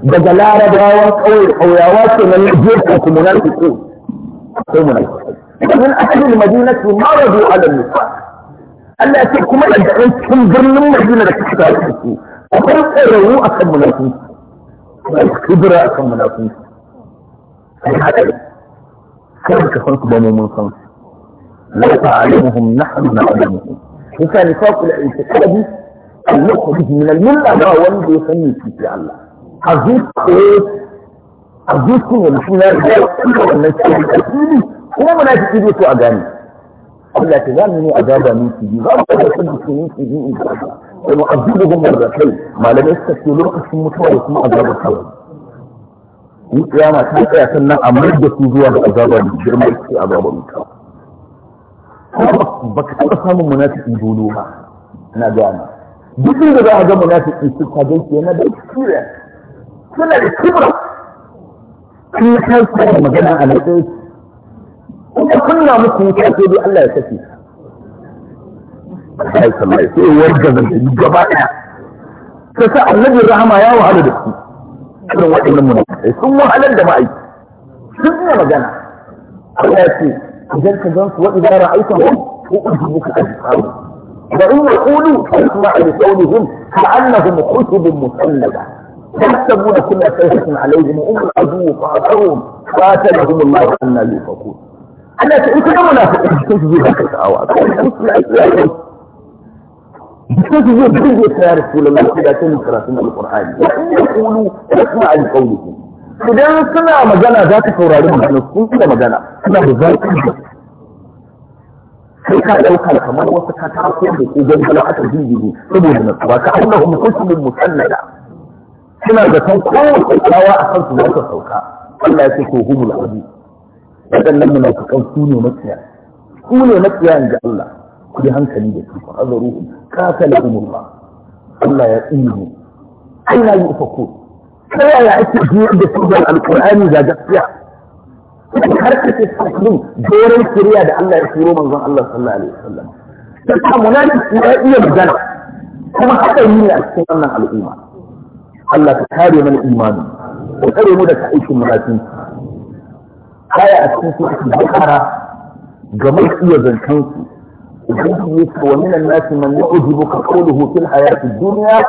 daga larabawan ƙauye ƙauyawa ce na jirka su munafiki ko munafiki min ahlil madinati maradu ala nifaq Allah ya kuma da dan cikin birnin Madina da kake tare da su akwai tsararru a kan munafiki akwai kibira a kan munafiki sai haɗari sai ka san ku ba mu mun san su la ta'lamuhum nahnu na'lamuhum yasa nifaqul i'tiqadi an yukhruj min al-milla ba wanda ya sanni fi Allah a zuciya a zuciya mutum ya riga ya kuma wannan cikin da fili kuma muna fi ido to a gani. Allah ta zamu ne a gaba ni su biyu za mu ga sun su yin su biyu da mu azubu gum da kai malamai suka ce lokacin mutuwa da kuma azaba kawai ni kiyama ta tsaya sannan a mai da su zuwa da azaba ne girma ce azaba mutuwa ba ka taɓa samun munafiki dolo ba na gane duk inda za a ga munafiki su ka gaske yana da experience suna da kibra in ka tsaya magana a matsayin kuma kunna muku wuta sai dai Allah ya saki Allah ya sallai sai warga zan gaba ɗaya ta sa annabin rahama ya wahala da su irin waɗannan munafikai sun wahalar da ma'aiki sun iya magana Allah ya ce idan ka gan su waɗanda ra'aikan ko ujibuka al-qawl وإن يقولوا أسمع لقولهم كأنهم خشب مسلمة تحسبون كل سيفة عليهم وهم العدو فاخرهم قاتلهم الله انا يؤفكون. انا انت كم منافق تجيب هكذا اوعى تجيب يا رسول الله كذا تنكر في القران يقولوا اسمع لقولكم idan suna magana za ka saurari magana su suna magana suna da zafi sai ka ɗauka kamar wasu ka taso da ku gani kala aka jirgin saboda na tsuba ka Allahumma kusurin musallala suna da san ko tsawa a kansu za ta sauka Allah ya ce ko humul abu waɗannan munafikan su ne matsiya su ne matsiya inda Allah ku yi hankali da su fa azaruhum qatala umurra Allah ya tsine Allah ya ufako ta yaya ake jiyar da su da alqur'ani ga gaskiya har ka ce sakin doron kiriya da Allah ya turo manzon Allah sallallahu alaihi wasallam ta munafiki ya iya magana kuma haka yi ne a cikin wannan al'umma Allah ka kare mana imani ka kare mu daga aikin munafiki kaya a cikin suratul baqara ga mai iya zancen su ubangiji ya ce wa minan nasi man yu'jibu ka qawluhu fil hayati dunya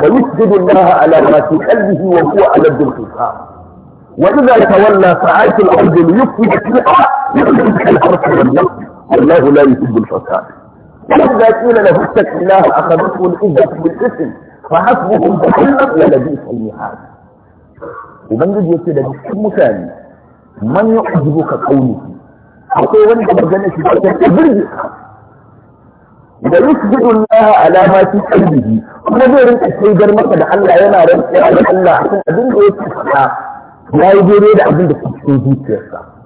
la yusjidu Allah ala ma fi qalbihi wa huwa ala al-hisab wa idha tawalla sa'at al-ard yufsid fiha yusjid al-harf wal-yawm والله لا يحب الفساد فإذا كون له اتك الله أخذته الإزة بالإسم فحسبه الجحيم ولبئس المهاد ومن يجي يقول لك مثالي من يعجبك قوله أقول وين قد جنك تبرد إذا يسجد الله على ما في قلبه أنا دور أنت سيد المقصد أن لا ينا رمسي على الله أبنك ويتسحى لا يجري أبنك تبرد يسرى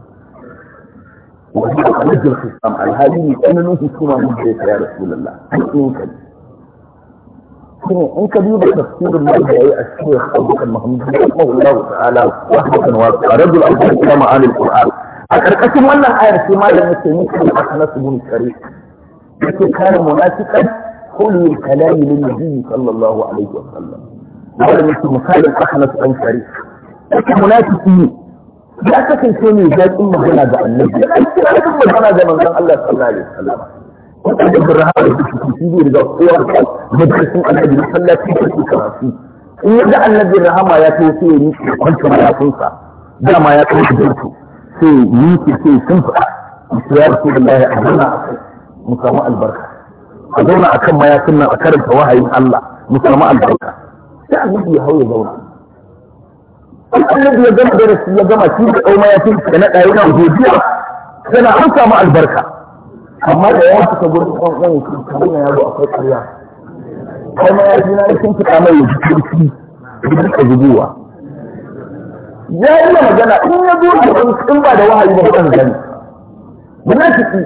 وهي ألد الخصام على هذه أنا نوتي سنة مجدة يا رسول الله ممكن شنو انت بيوضع تفسير المرجعي الشيخ ابو بكر محمود رحمه الله تعالى رحمة واسعة رجل أبو بكر معاني القرآن أكركتم وانا آية في ما لم يتمثل أحنس بن الشريك لكن كان مناسقا كل الكلام للنبي صلى الله عليه وسلم ولم يكن مثال أحنس بن شريك لكن مناسقين ya kasance mai zaƙin magana ga annabi ya zaƙin magana ga manzon Allah sallallahu alaihi wasallam wanda da rahama da suke shi ne daga kowa da majalisun annabi na sallaci da su karatu in ya ga annabi rahama ya ce sai ya yi kwanta mayafinsa dama ya kai da su sai yi ki sai sun fada su ya rasu da laye a zauna mu samu albarka a zauna akan mayafin nan a karanta wahayin Allah mu samu albarka sai annabi ya hau ya zauna annabi ya gama da darasi ya gama shi da kauma ya fi da naɗa yana godiya yana an samu albarka amma da ya fita gurin ɗan ɗan shi ta hanyar yaro akwai ƙarya kai ma ya ji na sun fita mai yanzu kirki da duka zubuwa ya yi magana in ya zo da in ba da wahayi ba ɗan gani munafiki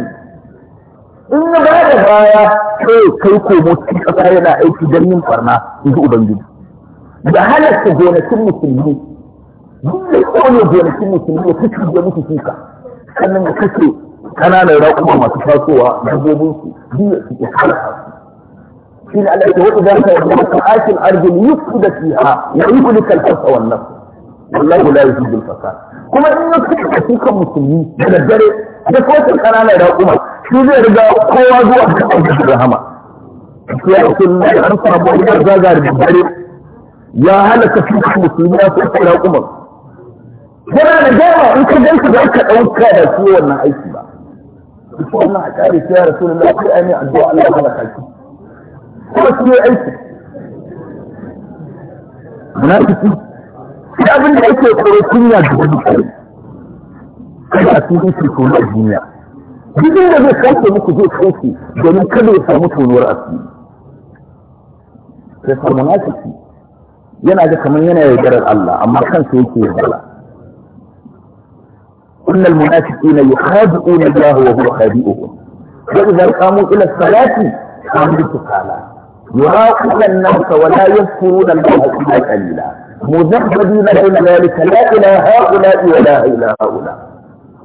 in ya ba da baya sai kai komo cikin ƙasa yana aiki don yin farna in ji ubangiji da halatta gonakin musulmi duk da kone gonakin musulmi ya kake da musu shuka sannan ya kake kananan raƙuma masu tasowa dabbobinsu duk su ke halaka shi ne Allah ya wata za ka yi maka akin arzini yusu da fiha ya yi kuli kalfarsa wannan wallahi la yuzu fasa kuma in ya kake da shukan musulmi da daddare da kowace kananan raƙuma shi zai riga kowa zuwa ga arziki rahama ya yi kullum ya harfa rabuwa ya zaga da daddare ya halaka shukan musulmi ya fi raƙuman yana da dama in ka gansu da aka ɗauka da su wannan aiki ba ko Allah a kare shi ya rasu rasulullahi sai ai mai addu'a Allah ya halaka shi ko shi ne aiki munafiki sai abin da yake tsoro kunya da wani kai kada a cikin shi ko na duniya Jirgin da zai kace muku zai kace domin kada ya samu tonuwar asiri sai fa munafiki yana da kamar yana yaudarar Allah amma kansa yake yaudara إن المنافقين يخادعون الله وهو خادئهم فإذا قاموا إلى الصلاة قاموا سكانا يراقب الناس ولا يذكرون الله إلا قليلا مذبذبين بين ذلك لا إلى هؤلاء ولا إلى هؤلاء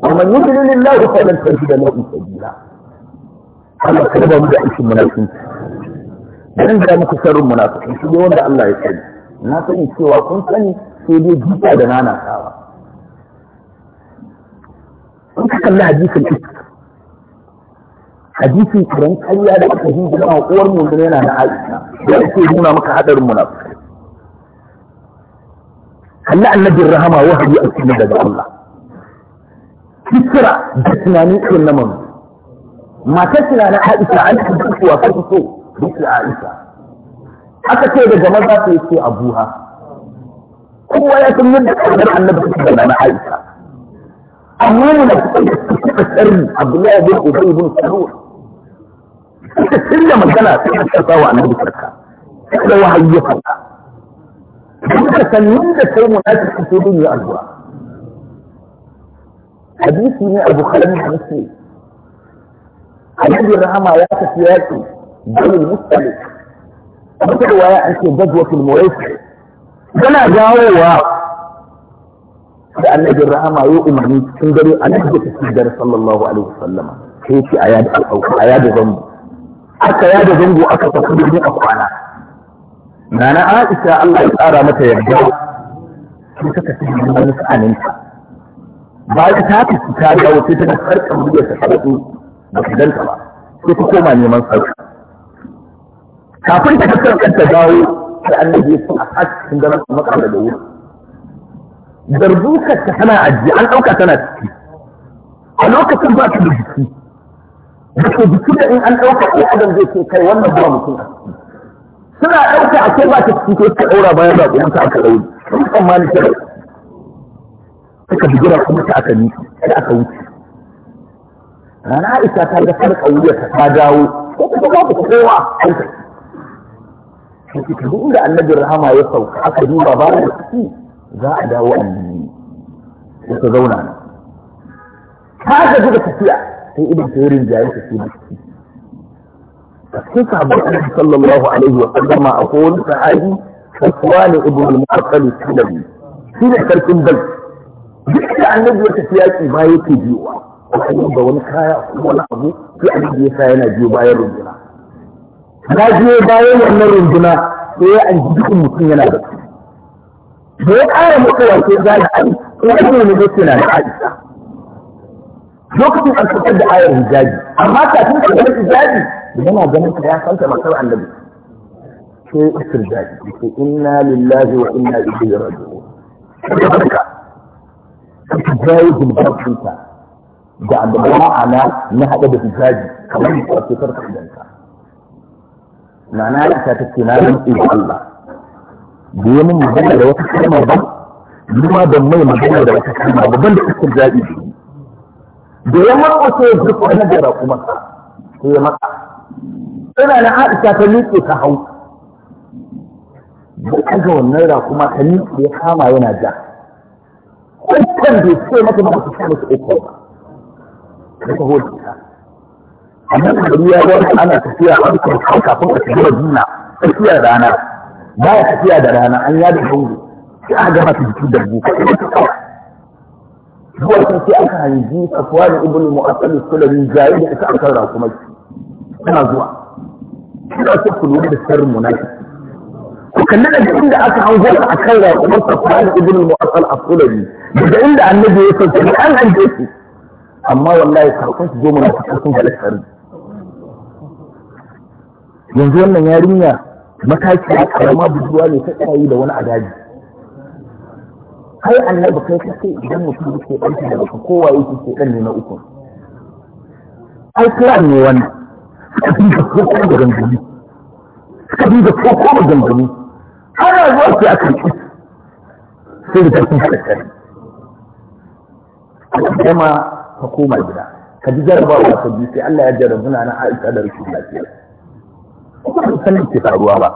ومن يضلل الله فلن تجد له سبيلا Allah ka raba mu da aikin munafinci dan da muku sarrun munafici shi wanda Allah ya sani na sani cewa kun sani sai dai jita da nana sawa in ka kalli hadisin ita hadisin idan kariya da aka yi jama'a uwar mu yana na aisha da ake nuna maka hadarin mu munafiki kalli annabin rahama wahayi a cikin daga Allah fitira da tunanin irin na mamu matar tunanin aisha an ta da kuwa ka so da aisha aka ce daga maza ta yi ce abuha kowa ya san yadda kalmar annabi ta da na aisha amma ne na abu sharri abdullahi bin ubay bin salul suka shirya magana suka shafa wa annabi sarka suka wahayi ya fada suka sannin da kai munafiki sai dai ne addu'a hadisi ne abu khalid bin muslim annabi rahama ya tafi yaki dalil mustalik wata waya an ce gajwatul muraisi yana dawowa da annabin rahama ya umarni cikin dare a nan da cikin dare sallallahu alaihi wasallam sai ya ce a yada a zango aka yada zango aka tafi birni a kwana nana Aisha Allah ya tsara mata yarda sai ta tafi birni wani ta. bayan ta tafi ta dawo sai ta ga sarƙar muryar ta sarƙi ba ta danta ba sai ta koma neman sarƙa kafin ta kasar ta dawo sai annabi ya sun a cikin dare maka da wuri darbukar ta tana ajiye an ɗauka tana ciki a lokacin ba ta da jiki da ke jiki da in an ɗauka ko adam zai ce kai wannan ba mutum a ciki suna ɗauka a kai ba ta ciki ko ta ɗaura bayan ba kuma ta aka ɗauri sun tsammani ta suka bigira kuma ta aka nufi ta aka wuce rana Aisha ta ga farka wuya ta dawo ko kuma babu kowa an ta ciki inda Annabi rahama ya sauka aka duba bayan ciki za a dawo addini sai ta zauna nan haka suka tafiya sai idan ta yurin jayi ta ce baki sai ka abu annabi sallallahu alaihi wa sallama a sa'adi sahabi ne ibn al da Sulaimi shi ne sarkin bal duk da annabi ya tafi yaki ma yake biyowa wani ba wani kaya wani abu sai annabi ya sa yana biyo bayan runduna na biyo bayan wannan runduna sai an ji dukkan mutum yana da su da ya ƙara mutuwa ke gane ai ko ake ne zai na da aisha lokacin an fitar da ayar hijabi amma kafin ka gani hijabi yana ganin ka ya san ta matar annabi sai istirjaji yake inna lillahi wa inna ilaihi raji'un hijabi gulbatinka da abin ma'ana na haɗa da hijabi kamar da ake karkar danta ma'ana ya ta ce na rantsi da Allah da ya mun magana da wata kalma ba ni da mai magana da wata kalma ba ban da iskar jaɗi da ya matsa sai ya duk wani nagara kuma sai ya maka. ina na aisha ta miƙe ta hau da ga wannan kuma ta miƙe ya kama yana ja da bai ce mata ba su kama su uku ba da ta hoda ta amma da ya gwada ana tafiya a dukkan kafin a shiga madina tafiyar rana ba ya tafiya da rana an yada hango sai aka gama su jikin darbu ko ina ta kawai zuwa sun sai aka hangi safwani ibn mu'assal sulami jayi da ita akan rakumai tana zuwa kina so ku lura da sharrin munafiki ku kalli daga inda aka hango ta akan rakumai safwani ibn mu'assal sulami daga inda annabi ya sauke an hange su amma wallahi kafin su zo munafikan sun ga sharri yanzu wannan yarinya mataki a karama budurwa ne ta tsayi da wani adaji kai annabi kai sai idan mutum yake ɗanke da baka kowa yake ke ɗan ne na uku ai plan ne wannan suka da koko da gangami suka da koko da gangami ana zuwa sai aka yi sai da sun tsakari kuma ka koma gida ka ji jarabawa ka ji sai Allah ya jarabuna na Aisha da rashin lafiya kuma da sanin ke faruwa ba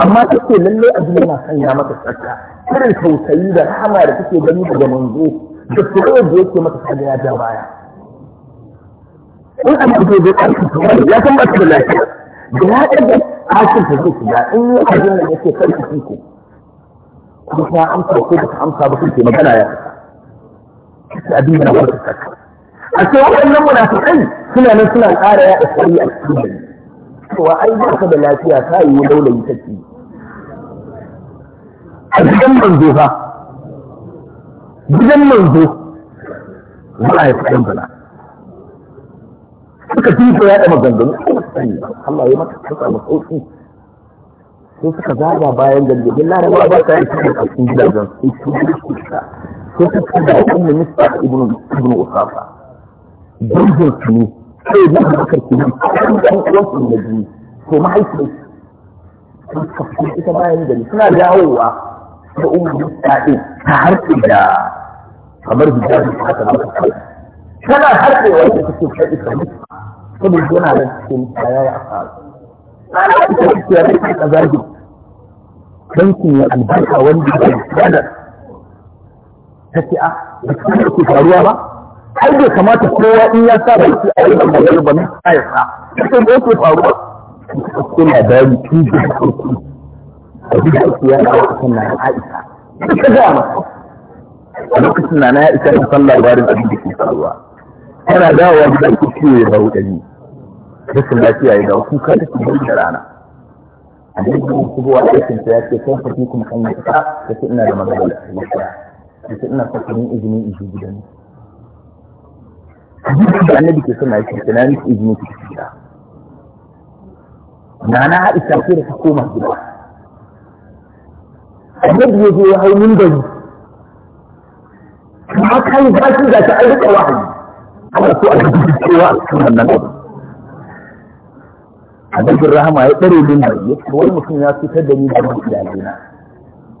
amma ta ce lallai abin yana sanya mata tsaka irin tausayi da rahama da take gani daga manzo da tsoron da yake mata kaga ya ja baya in an fito da ƙarfi ya san ba da lafiya da ya ɗaga ƙarfin da zai shiga in ya abin da yake karfi shi ko kuma ta amsa ko ba ta amsa ba kuke magana ya fita abin da na wata tsaka a ce wannan munafikai suna nan suna ƙara ya yaɗa tsari a cikin cewa ai ba ka da lafiya ta yi laulayi ta ci a gidan manzo fa gidan manzo za a yi faɗin bala suka tinta ya ɗama gangami Allah ya mata ta samu sauƙi sai suka zaba bayan gangamin larabawa ba ta yi cikin a cikin gidajen sai su yi kusa sai suka da wani minista ibn usafa dangin su ne sai da abubakar ke nan kan kan uwansu da biyu to mahaifiyar sun suka fito ita bayan gari suna dawowa da umar mutane ta harfe da kamar hijabi ta haka masa kai tana harfe wa ita take kai ita mutu saboda yana da cikin tsaya ya faru ana ita yana ya rike a zargi bankin ya albarka wanda ya ke tsadar ta ce a ah, da kuma ke faruwa ba ai bai kamata kowa in ya sa baki a yi magana ba na sa ya sa sai da yake faruwa suna bayani tun da farko da duk ake ya kawo kan na Aisha ita ga ma a lokacin na na Aisha ta san labarin abin da ke faruwa tana dawowa da ake ciwo ya dawo dani rashin lafiya ya dawo kuka ta ke da rana a duk da kuma wa aikin ta ya ce kan fatikun kan yi ta ta ina da magana da ta ina sa izinin izini gidan duk da annabi ke suna shi tana ni izini ki shiga na na Aisha ce da ta koma gida annabi ya je ya hau min gari kuma kai ba shi da ta aika wahayi Kuma ko a cikin cewa sunan nan abu annabi rahama ya tsare min gari ya ce wani mutum ya fitar da ni da mutum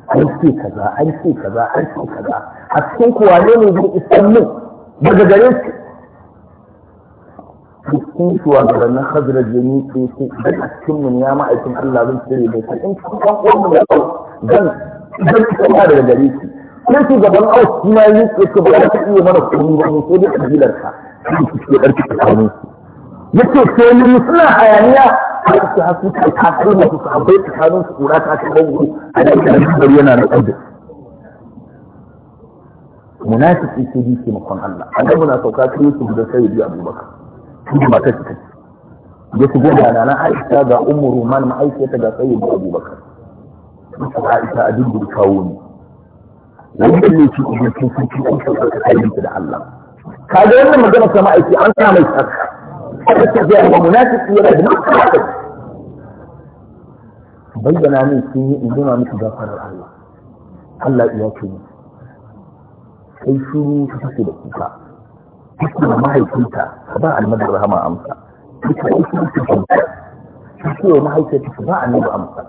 an ce kaza an ce kaza an ce kaza a cikin kuwa ne ne zai isar min daga gare su. cikin shugabannin hajjira jini ke ce da a cikin mun ya ma'aikin Allah zan cire da shi in cikin ɗan uwan mu da zan zan tsaya daga gare shi sai shugaban aus shi ma yi ce ce ba za ka iya mara komai ba ne sai dai kabilar ka shi ke ɗarki ka kame shi yace sai ni suna hayaniya a cikin hasu ta kasar da su a abai tsakanin su kura ta kan bangu a da kan bari yana na ƙaddar munafiki sai bi ke makon Allah annabi na sauka kai su da sayyidi Abubakar kuma matar ta ya shigo da nana aisha ga ummu ruman ma'aikata ga sayyid abubakar ita aisha a dindin kawo ne wannan ne shi idan sun sun ci an sauka ka kalinta da Allah ka ga wannan magana ta ma'aiki an sa mai shakka aka ce zai ga munafiki yana da mutunci bayyana min sun yi in nuna miki gafarar Allah Allah ya ce ni sai shuru ta fashe da kuka dukkan mahaifinta ba almadar rahama amsa dukkan ikincin kanta ta ce wa mahaifinta ka ba annabi amsa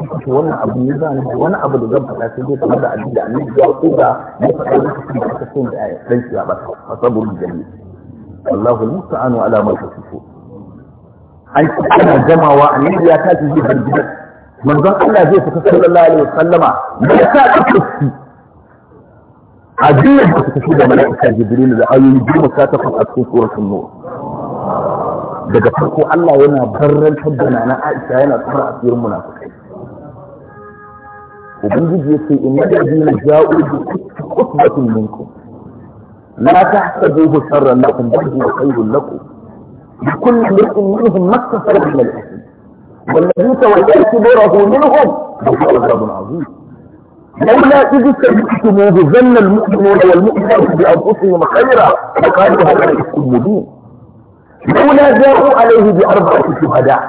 kuma ce wannan abu ne za ni wani abu da zan faɗa sai dai kamar da abin da ya ko da ya faɗa lokacin da aka son da dan shi ya ba fasabul jami Allahu musta'anu ala ma tasifu an ci ana jamawa annabi ya tashi zai bar gidan manzon Allah zai fita sallallahu alaihi wasallama ya sa ka fuski عجيب da ta shiga mala'ika jibril da ayoyi goma sha takwas a cikin suratul nur daga farko Allah yana barrantar da nana Aisha yana tsara asirin munafikai ubangiji yace inna ladina ja'u bi usbatin minkum la tahsabuhu sharran lakum bal huwa khayrun lakum لكل امرئ منهم ما اكتسب من الاثم والذي تولى كبره منهم له اجر عظيم لولا إذ سمعتموه بظن المؤمنون والمؤمنات بأنفسهم خيرا لقالوا هذا إفك مبين لولا جاءوا عليه بأربعة شهداء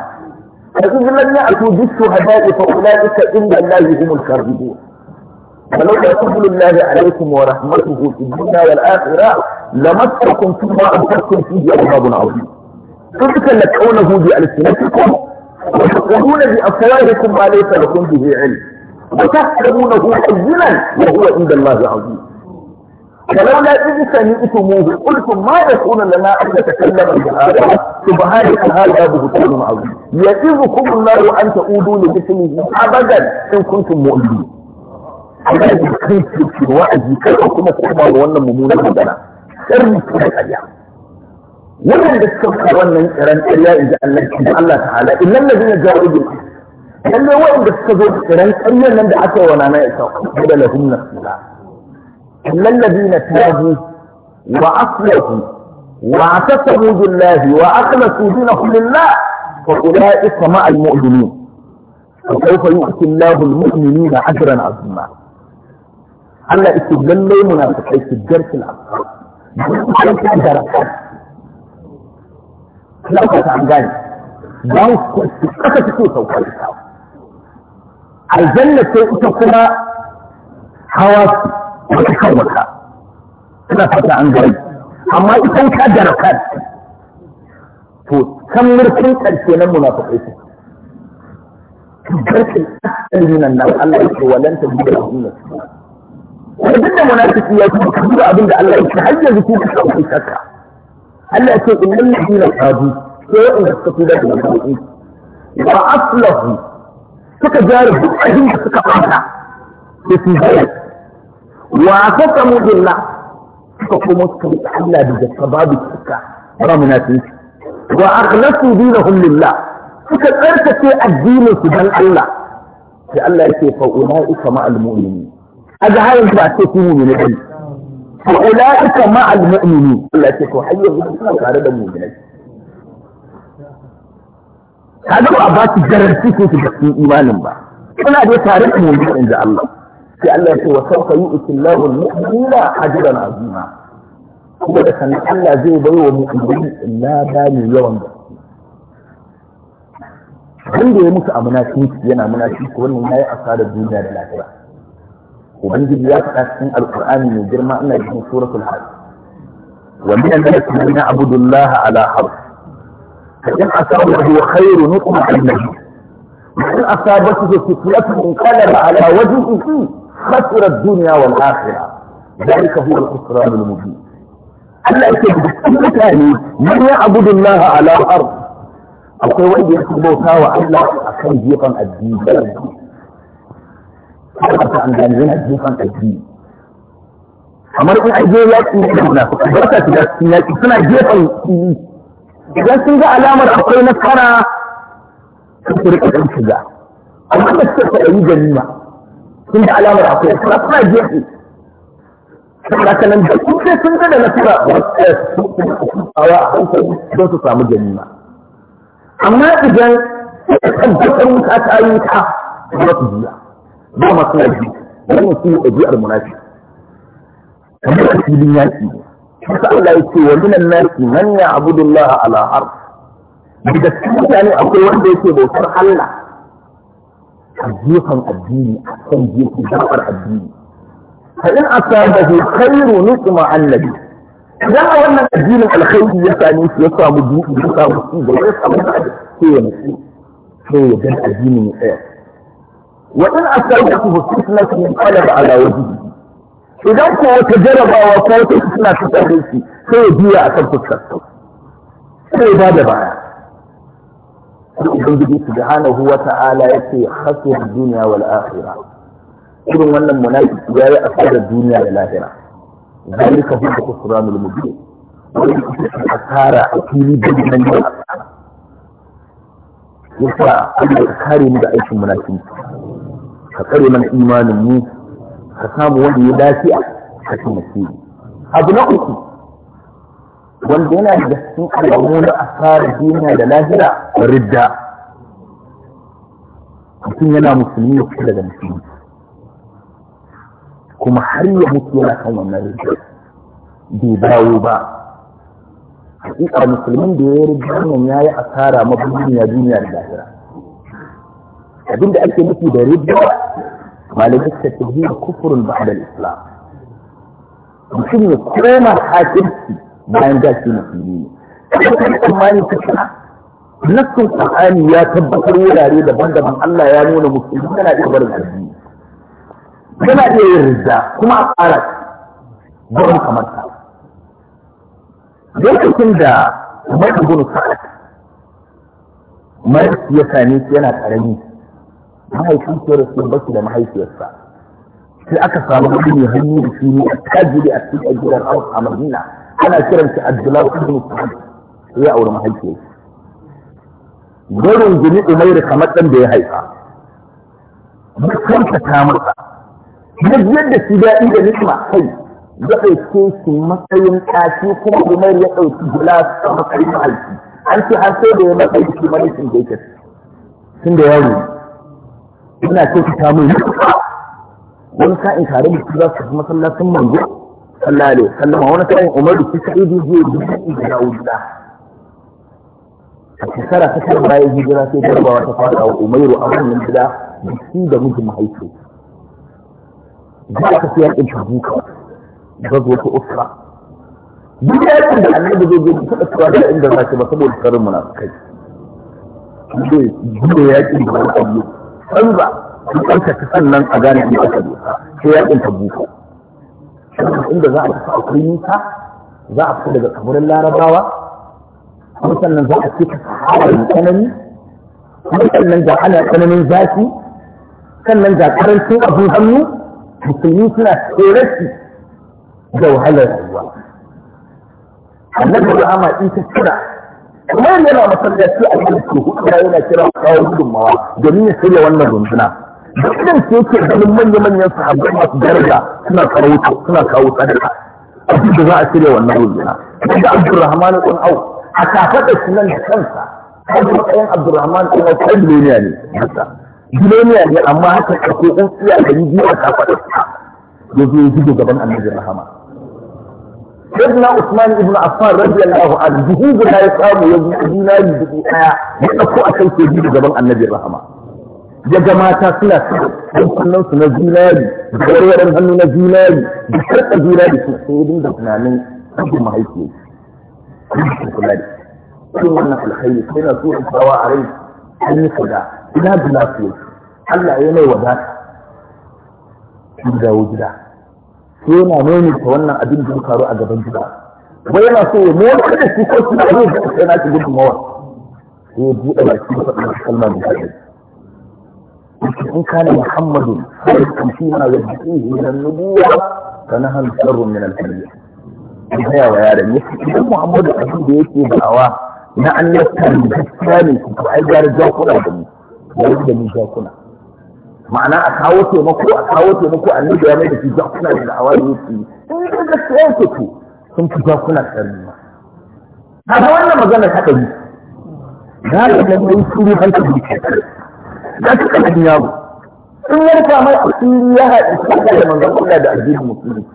فإذ لم يأتوا بالشهداء فأولئك عند الله هم الكاذبون ولولا فضل الله عليكم ورحمته في الدنيا والآخرة لمسكم فيما أنفسكم فيه أرباب عظيم تتكلمونه بألسنتكم وتقولون بأفواهكم ما ليس لكم به علم وتحسبونه هينا وهو عند الله عظيم فلولا إذ سمعتموه قلتم ما يكون لنا أن نتكلم بهذا سبحانك هذا بهتان عظيم يعظكم الله أن تعودوا لمثله أبدا إن كنتم مؤمنين amma da kai ke wa'azi kai kuma koma ga wannan mummunan magana sharri ce da ƙarya wannan da suka wannan tsiran ƙarya in ji Allah in Allah ta'ala innal ladina ja'u bil lalle wanda suka zo tsiran ƙaryar nan da aka yi wa nana ya sauka da lahum nasira lallabi na tabu wa aslahu wa tasabu billahi wa akhlasu dinahum lillah fa ulaika ma al mu'minin fa sawfa yu'ti Allahu al mu'minina ajran azima Allah yake lalle munafikai su garkin asfar Allah ka ta gani dan ku kasa take saukar da aljanna ce ita kuma hawa wata kan wata suna fata an gari amma ita ka daraka to san murkin karshe nan munafiqai su karkin asalin nan nan Allah ya ce walan ta bi da hunna wani duk da munafiki ya kuma kabu abin da Allah ya ce har yanzu ku ka sauke shakka Allah ya ce innal ladina tabu sai wanda suka tuba da munafiqai fa aslahu suka jari duk abin da suka fata da su jari wa saka mu billah suka kuma suka yi Allah da jakka babu suka ba munafinci wa akhlasu dinahum lillah suka tsarkake addinin su dan Allah sai Allah yake fa ulaika ma almu'minin aga hayan ba ce ku mu'mini ba ulaika ma almu'minin Allah yake ko hayya ku tare da mu'minai kaga ba ba su garanti ko su gaskiya imanin ba suna da tare da mu inda Allah sai Allah ya ce wa sawfa yu'ti Allahu al-mu'minina ajran azima kuma da sanin Allah zai bai wa mu'mini lada bani yawan da wanda ya musu a munafiki yana munafiki wannan yayi asarar duniya da lafiya ubangiji ya faɗa cikin alqur'ani mai girma ina cikin suratul hajj wa min an-nasi man ya'budu Allah ala harf إن أصابه هو خير نطمع المجيء وإن أصابته فتلته انقلب على وجهه خسر الدنيا والآخرة ذلك هو الخسران المجيد ألا يتجد كل ثاني من يعبد الله على الأرض أقول وإن يكتب موتا وعلا أكن ديقا الدين أكبر عن ذلك ديقا الدين أمر أن أجيب يأتي لنا فقدرتك لنا إذا كنا ديقا الدين idan sun ga alamar akwai nasara sun su rika ɗan shiga amma da suke ta ɗari ganima sun ga alamar akwai nasara suna jefi saboda kanan da kun sai sun ga da nasara a hankali don su samu ganima amma idan suka tabbatar wuta ta yi wuta ba su biya ba masu yaji wannan su yi ajiyar munafi kamar a filin yaƙi ne Masa Allah ya ce wa minan nasi man ya abudullah ala harf. Daga cikin mutane akwai wanda yake bautar Allah a gefen addini a kan gefen zaɓar addini. Fa in asabahu khairu nusma annabi. Idan a wannan addinin alkhairi ya same shi ya samu duki ya samu ci da ya samu sa'ada sai ya nutsu sai ya gan addinin ya tsaya. Wa in asabahu fitnatun qalaba ala wajhihi idan ko wata jarabawa ko wata suna fitar da shi sai ya biya a kan fuskar sai ba da baya sai ubangiji subhanahu wa ta'ala yace khasir dunya wal akhirah irin wannan munafiki yayi asarar duniya da lahira zalika huwa khusranul mubin wani asara a fili da nan ne yasa Allah ka kare mu da aikin munafiki ka kare mana imanin mu ka samu wanda ya dace a cikin mutum abu na uku wanda yana da cikin alamu na asarar duniya da lahira ridda mutum yana musulmi ya fita daga musulmi kuma har ya mutu yana kan wannan ridda bai dawo ba hakika musulmin da ya yi ridda ya yi asara mabin duniya duniya da lahira abinda ake nufi da ridda malamai ta ce hiya kufurin ba'da islam mutum ya koma hakirci bayan da shi musulmi ne kuma tsammani ta kira nassun qur'ani ya tabbatar wurare daban-daban Allah ya nuna musulmi yana iya barin addini yana iya yin ridda kuma a tsara gurin kamar ta lokacin da mai ibn sa'ad mai ya same shi yana ƙarami. mahaifin ke rasu ba da mahaifiyarsa sai aka samu wani mai hannu da shi ne a tajiri a cikin gidan aus a madina ana kiran shi abdullahi ibn sa'ad ya aure mahaifiyarsa gurin gini umairu kamar ɗan da ya haifa mutunta ta masa duk yadda shi daɗi da nisma kai ya ɗauke shi matsayin ƙashi kuma umairu ya ɗauki gilas a matsayin mahaifi an ce har sai da ya matsayi shi manisin da yake tun da yaro ina ce ku samu wani sa'in tare da su za su kuma sallacin manzo sallallahu alaihi wasallam wani sa'in umaru ki sa'idu zai yi sa'i da dawuda a shekara ta kan bayan hijira sai garbawa ta fada wa umaru a wannan gida da shi da miji mahaifi za ka fi yakin tabuka ga zuwa ta usra duk yakin da annabi zai zo ta tsara da inda za ba saboda karin munafikai kai. zuwa yakin da wani abu ba su tsarkake sannan a gane in aka dosa sai yakin tabuka inda za a tafi akwai nisa za a fita daga kaburin larabawa kuma sannan za a fita saharar tsanani kuma sannan ga ana tsananin zafi sannan ga karancin abin hannu musulmi suna tsoraki da wahalar rayuwa annabi rahama in ta kira kuma yana masallaci a cikin su hudu yana kira kawo gudunmawa domin ya shirya wannan runduna da irin su yake ganin manya-manyan sahabbai masu daraja suna kawo suna kawo sadaka a cikin za a shirya wannan runduna da Abdulrahman ibn au, a kafaɗa shi nan da kansa har da matsayin Abdulrahman ibn au, kai biloniya ne haka biloniya ne amma haka ko tsuntsiya da biyu a kafaɗa ya zo ya gaban annabi rahama سيدنا عثمان بن عفان رضي الله عنه جهود لا يقام يوم الدين لا يجد حياة يحنا كو أكل تجيب جبل النبي الرحمة يا جماعة سنة يمكن أن نزيل لي غير أن نزيل لي بشر نزيل لي سيدنا عثمان من أبو مهيتي كلادي كل من في الخير سيدنا سوء الضواء عليه أن يفدع لا yana nuni ta wannan abin da ya faru a gaban gida kuma yana so ya motsa da shi ko kuma zai ga sai na shi gudun mawa sai ya buɗe baki da faɗin kalma da shi in kana muhammadu sai kan shi ma ya buɗe hidan nubuwa kana hal sharru min al-hayy in haya wa yaron yace idan muhammadu abin da yake da'awa na an yasta da gaskiya ne ku ai gara jakuna da mu da mu jakuna ma'ana a kawo taimako a kawo taimako a nuna mai da fijar kuna da da'awa da yake yi sun yi gaskiya yake to sun fi kuna ɗari ma ga wannan magana ta ɗari na da lallai hanta hankali ke za su kama yaro sun yarka mai asiri ya haɗu su da manzan Allah da ajiyar musulmi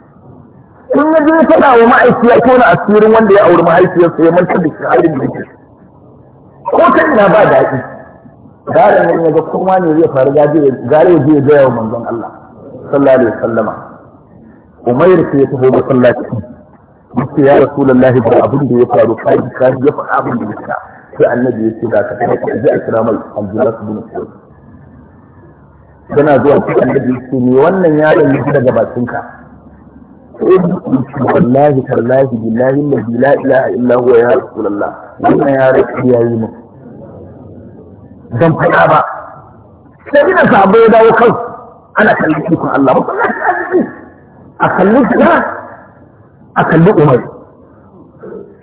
sun ya je faɗa wa ma'aikiyar tona asirin wanda ya auri mahaifiyarsa ya manta da shi yi da ko ta ina ba daɗi gare ne ya ga kuma ne zai faru gare zai gaya wa manzon Allah sallallahu alaihi wasallama umair sai ya tafi masallacin yace ya rasulullahi ba abin da ya faru kai kai ya faɗa abin da ya sai annabi ya ce da ka kai ji a kira mai su bin sa'id yana zuwa cikin annabi ya ce ne wannan yaron ya daga bakinka wallahi tallahi billahi la ilaha illa huwa ya rasulullah wannan yaron ya yi mu don faɗa ba sai ina sabo ya dawo kan ana kalli ikon Allah ba a kalli kuma a kalli umar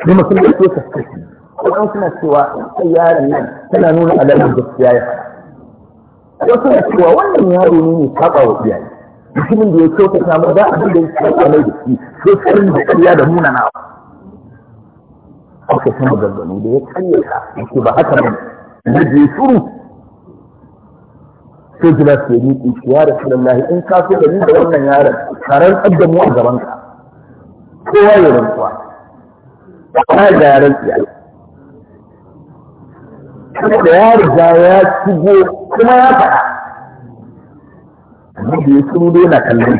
ne mutum da ke kaskai kuma suna cewa sai yaron nan tana nuna alamun gaskiya ya faɗa wasu na cewa wannan yaro ne ne saba wa iyaye mutumin da ya kyauta ma za a bi da ya saba mai da shi sai sarin da ƙarya da munanawa aka san sun da ya kayyata yake ba haka ba annabi ya shuru sai jila su yi da ya rasulullahi in ka so da ni da wannan yaron karan tsaddamu a gaban ka kowa ya rantsuwa ba ga yaron iyali da ya riga ya shigo kuma ya faɗa annabi ya shuru dai na kallon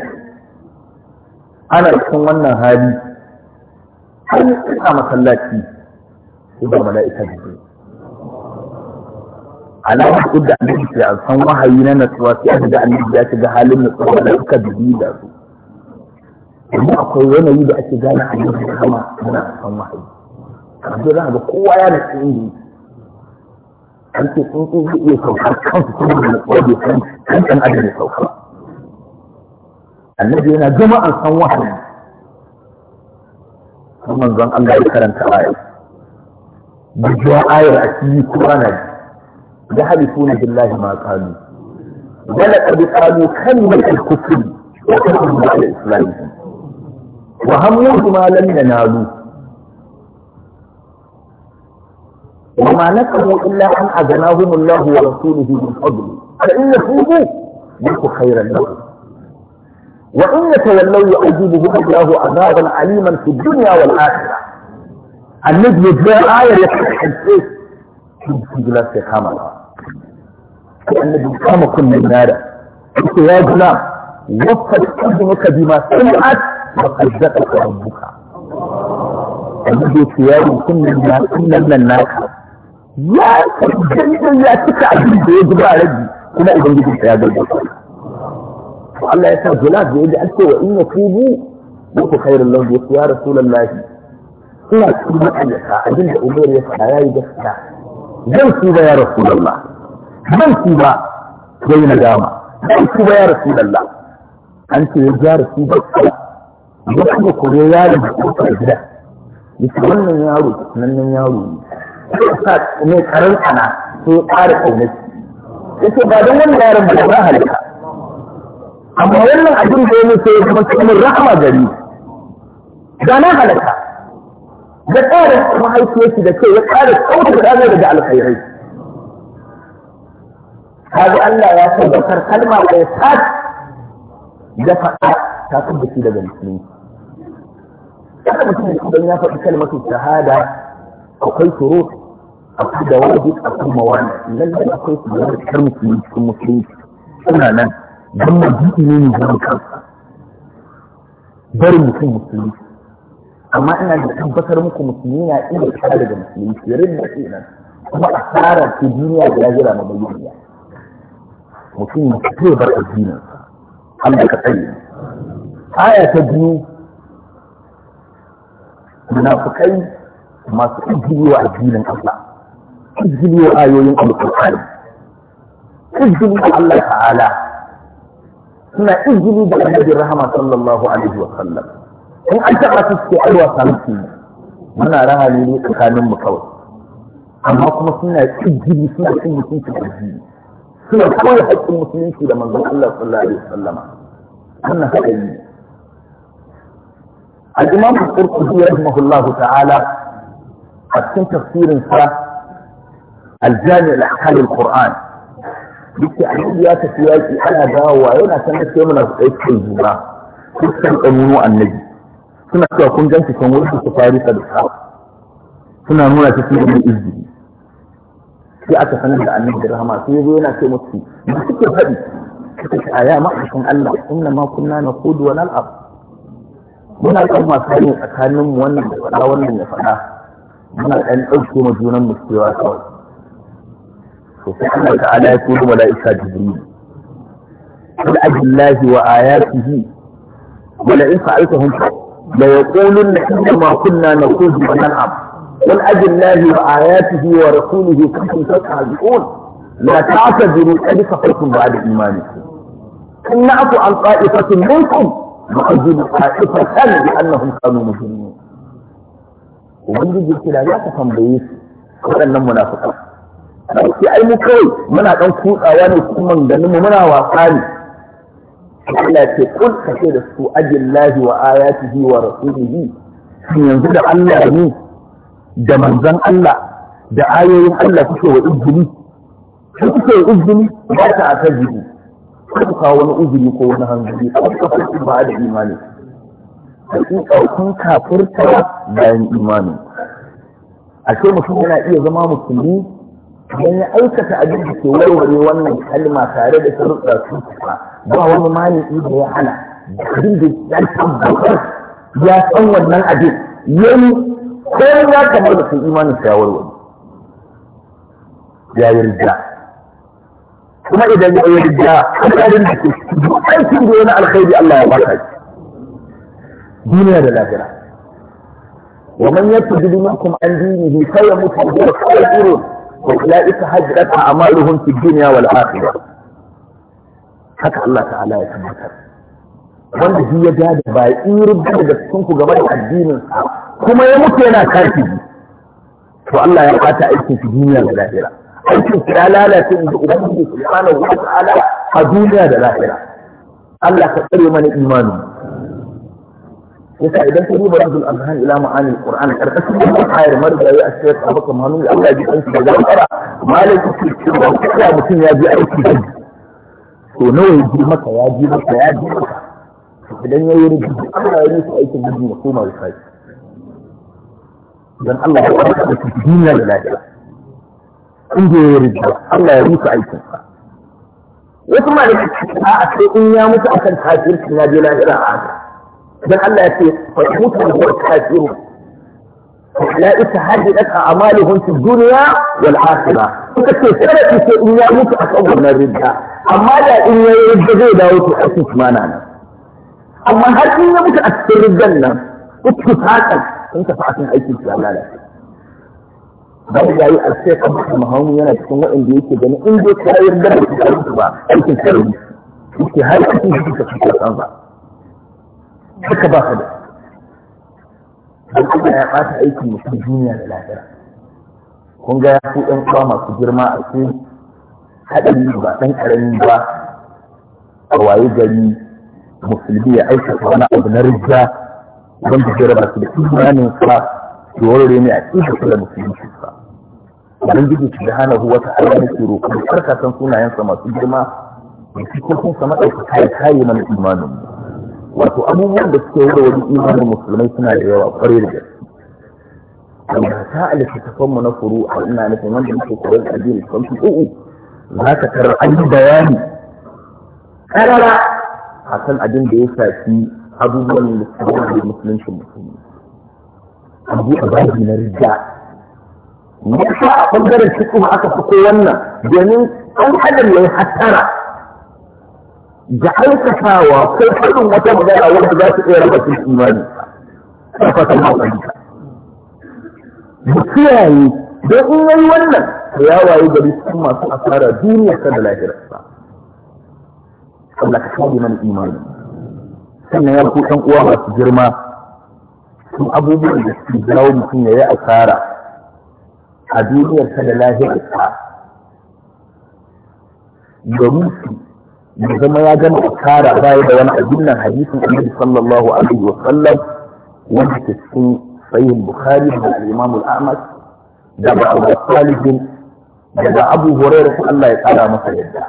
ana cikin wannan hali har yi masallaci ko ga mala'ika jibril alamar su da annabi ke a san wahayi na natsuwa sai aka da annabi ya shiga halin natsuwa da suka bibi da su domin akwai yanayi da ake gane annabi da kama muna san wahayi kamar za ga kowa ya natsu inda an ce sun sun su iya saukar kansu sun da natsuwa bai san kan ɗan adam ya sauka annabi yana gama an san wahayi kuma manzon Allah ya karanta ayar. Bijuwa ayar a cikin Kur'ani يحلفون بالله ما قالوا ولقد قالوا كلمة الكفر وكفروا على إسلامهم وهموا ما لم ينالوا وما نكروا إلا أن أذناهم الله ورسوله من فضل فإن يتوبوا يكن خيرا لهم وإن يتولوا يعذبهم الله عذابا عليما في الدنيا والآخرة النبي جاء آية يتحدث في جلسة حملها annabi kama kunnen nada yake ya gulam wafat ibnuka bima sami'at wa saddaqaka rabbuka annabi yake ya yi kunnen na kunnen nan naka ya kanta ya cika abin da ya zuba rabi kuma ubangiji ya gaggauta Allah ya sa gulam da yaji an ce wa in yatubu muku khairul lahu yake ya rasulullahi ina cikin ma'aikata abin da umar ya faɗa ya yi gaskiya zan tuba ya rasulullah man ba ya na dama, man ba ya rasu lalla an ce ya ja rasu da ba, ya kuma kore yaro da kofar gida ya ce wannan yaro nan nan yaro ne ya sa ne karar ana sai ya ƙara ƙaunaki ya ce ba don wannan yaron ba ba halitta amma wannan abin da ya sai ya su cikin rahama gari da na halitta ya ƙara mahaifiyarki da ke ya ƙara ƙaunar da daga alkhairai kaga Allah ya tabbatar kalma ɗaya tak da faɗa ta tabbaci daga musulunci kada mutum ya idan ya faɗi kalmatu shahada akwai shurut akwai da wajib akwai mawani lallai akwai su da kar musulunci cikin musulunci suna nan don mabi'i ne ne zama kansa barin mutum musulmi amma ina da tabbatar muku musulmi na iya fita daga musulmi shirin da ke nan kuma a tsara ce duniya da ya jira ma bayyana mutum ya fito bar addininsa Allah ka tsaye. aya ta biyu munafukai masu izgili wa addinin Allah izgili wa ayoyin alƙur'ani izgili da Allah ta'ala suna izgili da annabi rahama sallallahu alaihi wa sallam in an taɓa su suke aiwa samuki muna rahani ne tsakanin mu kawai amma kuma suna izgili suna cin mutuncin addini suna kawai haƙƙin musulunci da manzon Allah sallallahu alaihi wasallam wannan haka yi al-imam al-qurtubi rahimahullah ta'ala a cikin tafsirin sa al-jami' al-ahkam al-qur'an duk annabi ya tafi yaki ana dawowa yana sanar da mu na tsaye juna dukkan ɗanmu annabi suna cewa kun ganci kan wurin su farisa da sa suna nuna cikin ilmi izini sai aka sanar da annabi rahama sai yazo yana ce musu ba suke faɗi a ya ma'aikin Allah inna ma kunna na kudu wa nal'ab muna kan wasa ne tsakanin mu wannan da faɗa wannan da faɗa muna ɗan ɗauke ma junan mu cewa kawai to sai Allah ta'ala ya kudu mala'ika jibril قل أجل الله وآياته ولئن فعلتهم ليقولن na كنا نخوض ونلعب قل أجل الله وآياته ورسوله كنتم تستهزئون لا تعتذروا قد كفرتم بعد إيمانكم إن نعفو عن طائفة منكم نعذب طائفة لأنهم كانوا مجرمين وبنجي كده لا تتنبيه waɗannan munafukan sai ai mu kawai muna ɗan kutsawa ne cikin ganinmu muna wasa ne Allah ce kun kace da su ajillahi wa ayatihi wa rasulihi yanzu da Allah ne da manzan Allah da ayoyin Allah kuke wa izini su kuke wa izini ba ta akazibu ku kawo wani izini ko wani hanzari ne, ku kuke ba da imani hakika kun kafurta bayan imani a ce mutum yana iya zama musulmi don ya aikata abin da ke warware wannan kalma tare da sharuɗa su ba wani mani da ya hana abin da ya ya san wannan abin yayi ko ya kamar da sun imanin shawarwari ya yi rija kuma idan ya yi kuma kamarin da ke duk aikin da yana alkhairi Allah ya baka shi duniya da lafiya. wa man yattudu minkum an dinihi fa yamutu wa huwa kafirun wa ulaika hajrat a'maluhum fid dunya wal akhirah haka Allah ta'ala ya tabbatar wanda shi ya dada ba yi rubuta daga cikin ku gaba da addinin kuma ya mutu yana kafiri to Allah ya bata aikin shi duniya da lahira aikin shi ya lalace inda ubangiji subhanahu wa ta'ala a duniya da lahira Allah ka tsare mana imani yasa idan ka duba rajul azhan ila ma'anil qur'an karkashin wannan ayar marjayi a cikin abaka manu Allah ji kansu da zakara malaka ce cewa kuma mutum ya ji aiki to nawa ya ji maka ya ji maka ya ji maka idan ya yi rubutu Allah ya yi su aikin gudu ya koma ya sai dan Allah ya kwanta da duniya da lafiya in da ya yi rubutu Allah ya yi su aikin sa wasu ma da a sai in ya mutu akan kafirci na je lahira a haka dan Allah ya ce fa mutu da لا إتحاد لك أعمالهم في الدنيا والآخرة فكتب سنة في إن يموت أصبر من الرجاء أما لا إن يرد زي داوت ما نانا amma har in ya mutu a cikin rigar nan uku sakan sun tafi a cikin aikin su lalace ba ya yi a sai kan mutum mahaunu yana cikin waɗanda yake gani in dai karayar da ba su ba aikin karbi yake har cikin da suka fito san ba haka ba ka da Allah ya ɓata aikin mutum duniya da lafiya kun ga ya fi ɗan uwa masu girma a cikin haɗari ba ɗan ƙarami ba a waye gari مسلمية أي شخص أنا أبن رجاء بند جرب رسولك إيمان إنسا جوالو ليني أكيد كل مسلمين شخصا من بيجي سبحانه هو تعالى نسيرو كل حركة تنسونا ينسى ما تجرما في كل حين سماء الفتاية هاي من الإيمان وأتو أبو مرد السيرة ودي إيمان المسلمين سنا يرى قرير جد المسائل التي تفهمنا فروع أننا نتمنى نحو قرار الأدين الفرنسي أوه ذاك ترى أي بياني أنا لا a kan abin da ya shafi abubuwan da musulunci, musulmi abu a baji na rija ne sa a ɓangaren cikin aka fito wannan domin an adam ya hattara da aikatawa ko faɗin wata magana wanda za su iya raba cikin imani a fatan hankali mu kiyaye don in yi wannan ya waye gari cikin masu asara duniya ta da lahirarsa Allah ka kare mana imani sannan ya ku ɗan uwa masu girma sun abubuwan da suke jawo mutum ya yi asara a duniyarsa da lahirarsa domin su ya zama ya gama asara baya da wani abin nan hadisin annabi sallallahu alaihi wa sallam wanda ke cikin sahih bukhari da al-imam al-ahmad da ba abu salih da abu hurairah Allah ya tsara masa yadda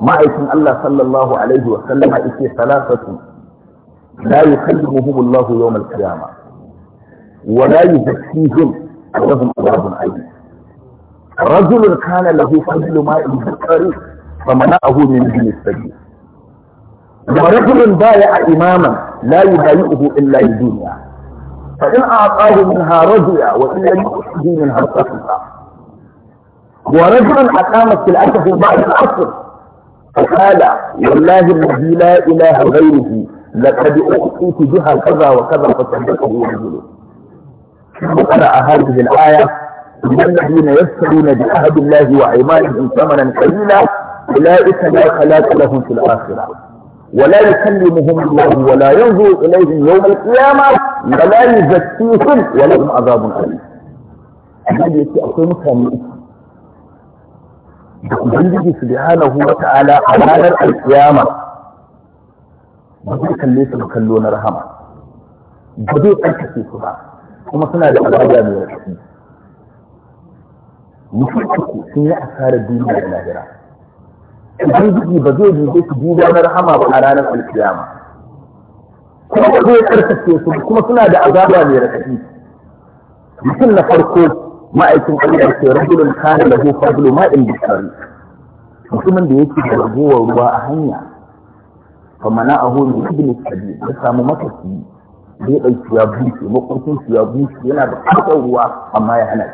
ma'aikin Allah sallallahu alaihi wa sallama yake salasatu la yukallimuhum Allah yawm al-qiyamah wa la yuzakkihim lahum adhabun alim رجل كان له فضل ماء البخاري فمنعه من ابن السبيل ورجل بايع اماما لا يبايعه الا لدنيا فان اعطاه منها رضي وان لم يؤته منها سخط ورجل اقام في الاكف بعد العصر فقال والله الذي لا إله غيره لقد أخطيت بها كذا وكذا فصدقه رجل ثم قرأ هذه الآية إن الذين يشترون بعهد الله وأيمانهم ثمنا قليلا أولئك لا خلاق لهم في الآخرة ولا يكلمهم الله ولا ينظر إليهم يوم القيامة ولا يزكيهم ولهم عذاب أليم. النبي يقول أقول da ubangiji subhanahu wa ta'ala a ranar alkiyama ba zai kalle su kallo na rahama ba zai tsarkake su ba kuma suna da al'ada mai rashi mutum sun yi asarar duniya da lahira ubangiji ba zai dube su duba na rahama ba a ranar alkiyama kuma ba zai tsarkake su kuma suna da azaba mai rashi mutum na farko ma'aikin Allah ce rajulun kana lahu fadlu ma'in bisari mutumin da yake da ragowar ruwa a hanya fa mana'ahu min ibn sabil ya samu matafi da ya dauki ya bushe makwacin shi ya bushe yana da ƙarfin ruwa amma ya hana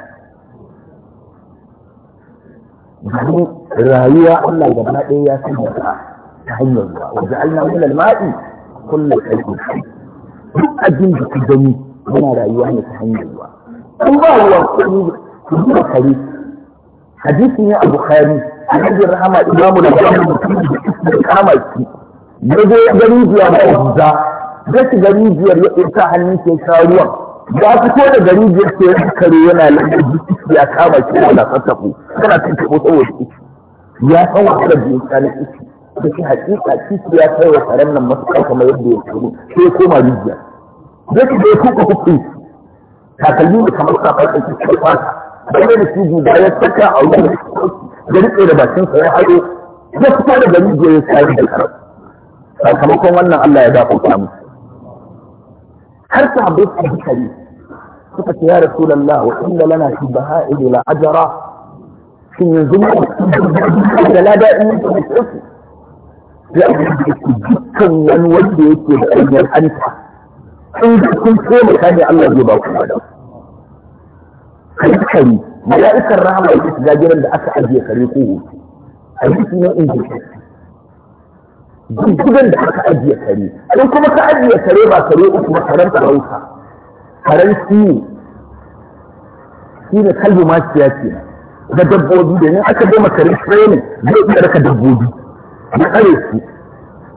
domin rayuwa Allah gaba ɗaya ya sanya ta ta hanyar ruwa wajen Allah min al-ma'i kullu shay'in duk abin da ka gani yana rayuwa ne ta hanyar ruwa in ba ruwan kuɗi ku duba kare hadisi ne a bukhari annabi rahama imamu da gani mutum da kama shi ya zo gari zuwa da abuza ya shiga biyar ya ɗauka hannu ke sha ruwan ya fito da gari biyar ke kare yana lalata ya kama shi yana tattaɓo kana tattaɓo saboda iski ya san wasu da biyu ta na iski da shi hakika ciki ya kai wa karen nan masu kamar yadda ya kuru sai koma rijiya zai ka zai kuka hukun takalmi da kamar sa bai ɗauki cikin fata bai da shi da ya saka a wurin da riƙe da bakin sa ya haɗo ya fita da gari je ya sayar da karar sakamakon wannan Allah ya dafa ta mu har ta bai ta hankali suka ce ya rasulullah wa inda lana fi baha'id la ajra shin yanzu mu da lada in mun tafi ya dukkan wani wanda yake da ɗanyar hanta in da kun taimaka ne Allah zai ba ku lada kare mala'ikar rahama ya shiga gidan da aka ajiye kare ko hoto a yi sunan ingilishi gudan da aka ajiye kare in kuma ka ajiye kare ba kare uku ba karen farauta karen siyo shi ne kalbi maciya ce da dabbobi da ne aka gama kare ne, zai iya raka dabbobi ya kare su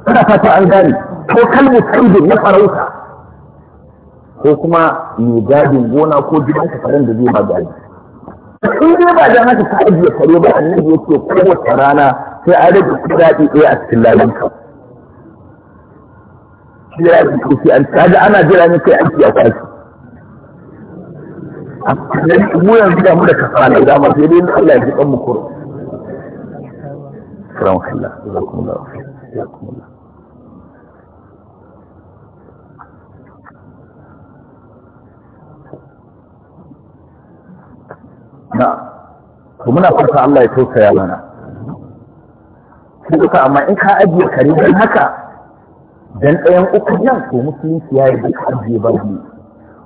kana fata an gane ko kalbi kalbi na farauta ko kuma mai gadin gona ko gidan ka da zai ba gadi in dai ba da haka ka ajiye kare ba nan yake kowace rana sai an rage kuɗaɗe ɗaya a cikin lalin ka jira da kuke an kaga ana jira ne kai aiki a kwashi mu yanzu da mu da kasala na ma sai dai Allah ya ji kan mu kuro. Assalamu alaikum. Jazakumullahu kuma Jazakumullahu na to muna fata Allah ya tausaya mana duka amma in ka ajiye kare don haka dan ɗayan uku nan to musulunci ya yi ka ajiye ba ne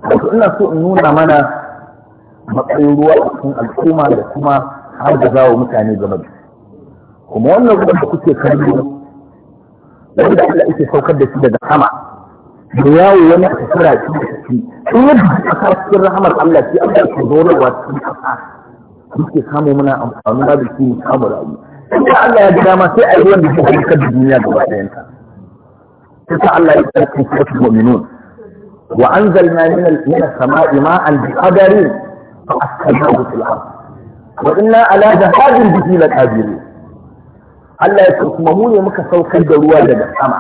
wato ina so in nuna mana matsayin ruwa a cikin al'umma da kuma har da zawo mutane gaba da kuma wannan ruwan da kuke kallo wanda Allah yake saukar da shi daga sama da yawo wani a tafiya shi da shi in yadda a cikin rahamar Allah shi Allah ke zo na wasu ƙasa muke samu muna amfani da su mu samu rayu inda Allah ya ga dama sai a yi wanda ke halakar da duniya gaba ɗayan ta sai sa Allah ya ce ku fasu mu'minun wa anzalna min al-min as-sama'i ma'an bi qadarin fa asqalahu fil ard wa inna ala dhahabin bihi laqadirin Allah ya ce kuma mu ne muka saukar da ruwa daga sama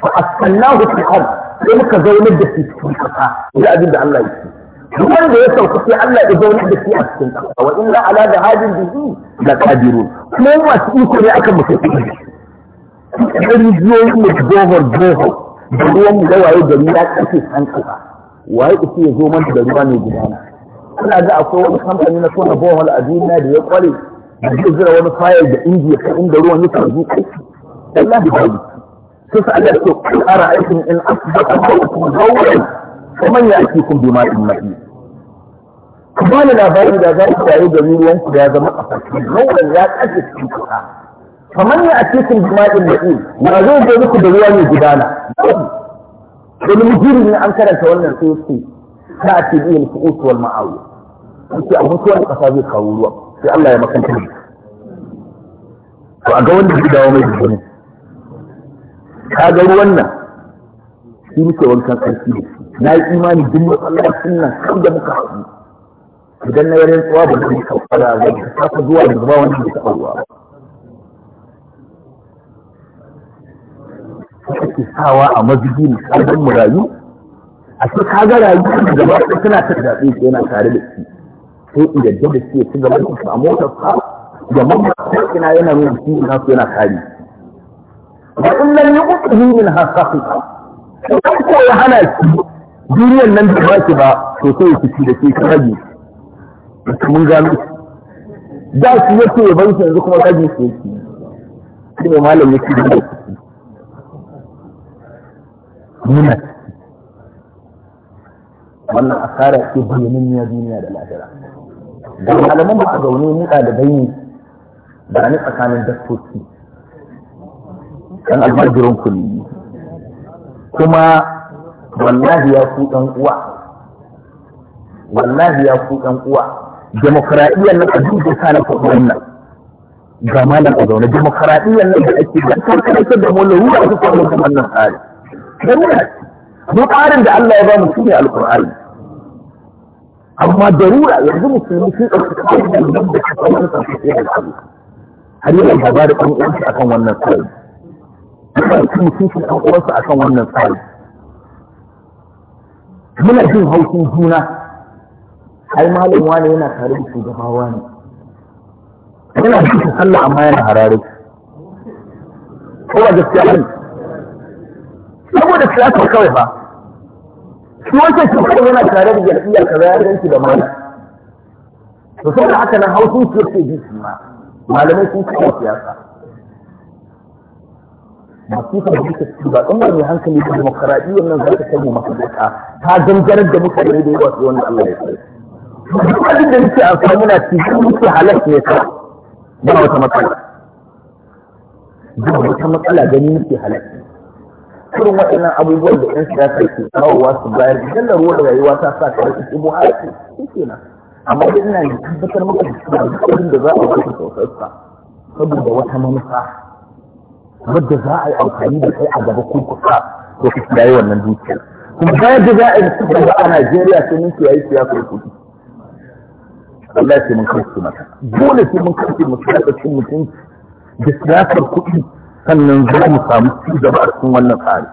fa asqalahu fil ard sai muka zaunar da shi cikin kasa da abin da Allah ya ce duk wanda ya sauka sai Allah ya zauna da shi a cikin ƙasa wa inna ala da hajin bihi la qadirun kuma masu iko ne akan mutum da rijiyoyin mu gohor gohor da ruwan mu waye gari ya kace an ƙasa waye isi ya zo manta da ruwa mai gudana kuna ga akwai wani kamfani na tona bohol a duniya da ya kware da zai zira wani fayil da injiya ta inda ruwan yake zuwa kai wallahi ba sai sa Allah ya ce kun ara aikin in asbata mawtum zawran kamar ya ake kun bi ma'in mahi ku ba ni labari da za ku yi da ruwanku da ya zama fasirin rauran ya ƙarfi su kuka kamar ya ake kun bi ma'in mahi na zai zo muku da ruwa mai gudana wani mujiri ne an karanta wannan sosai su ta ake biyan su'usu usuwar ma'awu yake a wani ƙasa zai kawo ruwa sai Allah ya makanta ne to a ga wanda zai dawo mai gudana ka ga ruwan nan shi muke wankan ƙarfi ne na yi imani duk masallacin nan har da muka haɗu idan na yarin tsawa ba zai kawara ba ta tafi zuwa da ba wani da taɓa ruwa ake sawa a mazubi misalin mu rayu a ce ka ga rayuwar da gaba ɗaya tana ta zaɓe ke yana tare da shi sai in yadda da shi ya ci gaba da shi a motar sa da mamma ko ina yana nuna shi ina su yana kari ba in lam yuqtu min hasa ko ko ya hana shi duniyar nan da baki ba to sai ki ci da ke kaji mun gano da shi yake ya shi yanzu kuma kaji su yake shi ne malam yake da shi muna wannan asara ce bayanin ya duniya da lahira da malaman da ka zaune ni da bayani da ni tsakanin dastoci kan albarjirin kulli kuma wallahi ya ku ɗan uwa wallahi ya ku ɗan uwa demokradiyyar nan a duk da na kuɗi wannan ga malam a zaune demokradiyyar nan da ake da ta karanta da mu lura su samu wannan tsari dan mu tsarin da Allah ya ba mu shine alqur'ani amma darura yanzu musulmi sun ɗauki kawai da nan da kafa wani tsarki da kalu har yana ba da ɗan uwansu akan wannan tsari. Kuma mutum sun ɗan akan wannan tsari. muna jin haushin juna ai malam wani yana tare da shugaba wani yana cikin sallah amma yana harare ko ba gaskiya ne saboda siyasa kawai ba shi wancan kawai yana tare da jam'iyyar kaza ya ganci da malam to saboda haka nan haushin su yake jin ma malamai sun kawo siyasa masifar da muke ciki ba tsanwar mai hankali da demokaradiyyar nan za ta kai mu maka duka ta gangarar da mutane da yawa su wani Allah ya sai. Duk abin da muke amfani muna cikin muke halas ne ka ba wata matsala. Ba wata matsala gani muke halas. Kurin waɗannan abubuwan da ‘yan siyasa ke kawowa su bayar da jallar ruwa da rayuwa ta sa ka rikici mu halas shi kenan. Amma dai ina tabbatar maka da cewa duk abin da za a wata sosai sa saboda wata manufa wadda za a yi amfani da kai a gaba ko kusa ko ku kiyaye wannan dukiyar kuma bayan da za a yi cikin ba a Najeriya sai mun kiyaye siyasar kuɗi wallahi sai mun kauce mata dole sai mun kauce mu siyasar cin mutunci da siyasar kuɗi sannan za mu samu ci gaba a cikin wannan tsari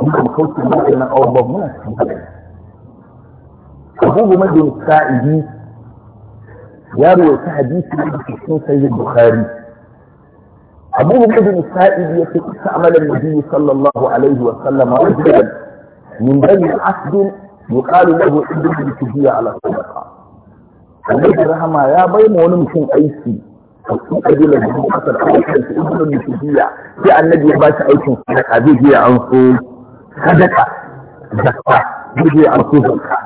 mun kuma kauce mu wannan abubuwan muna cikin haɗari abubu majin sa'idi yaro ya ci hadisi da cikin sayyid bukhari أبوه بن سائد يستعمل النبي صلى الله عليه وسلم رجلا من بني عسد يقال له ابن بن على صدقة النبي رحمة يا بيم ونمشن أيسي وكن أجل الجمعة الأول في ابن بن تجية في النبي باش أيسي صدقة بيجي عنصو صدقة زكاة بيجي عنصو زكاة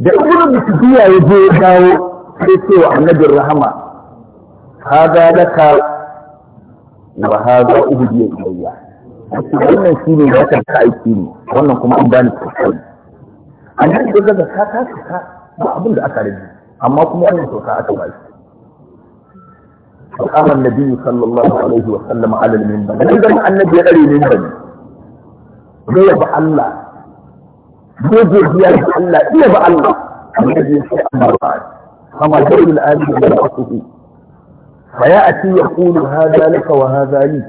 ده ابن بن تجية يجي يجاو سيسي وعنبي الرحمة hada laka wa hada ubudi ilayya wannan shine da ka aiki ne wannan kuma an bani kyauta an yi da ga ka ta ka ba abin da aka rage amma kuma wannan kyauta aka ba shi فقام النبي صلى الله عليه وسلم على المنبر عندما النبي يقري المنبر zai ba Allah zai godiya ga Allah iya ba Allah annabi ya ce ba kama da ilmi da asuhu فيأتي يقول هذا لك وهذا لي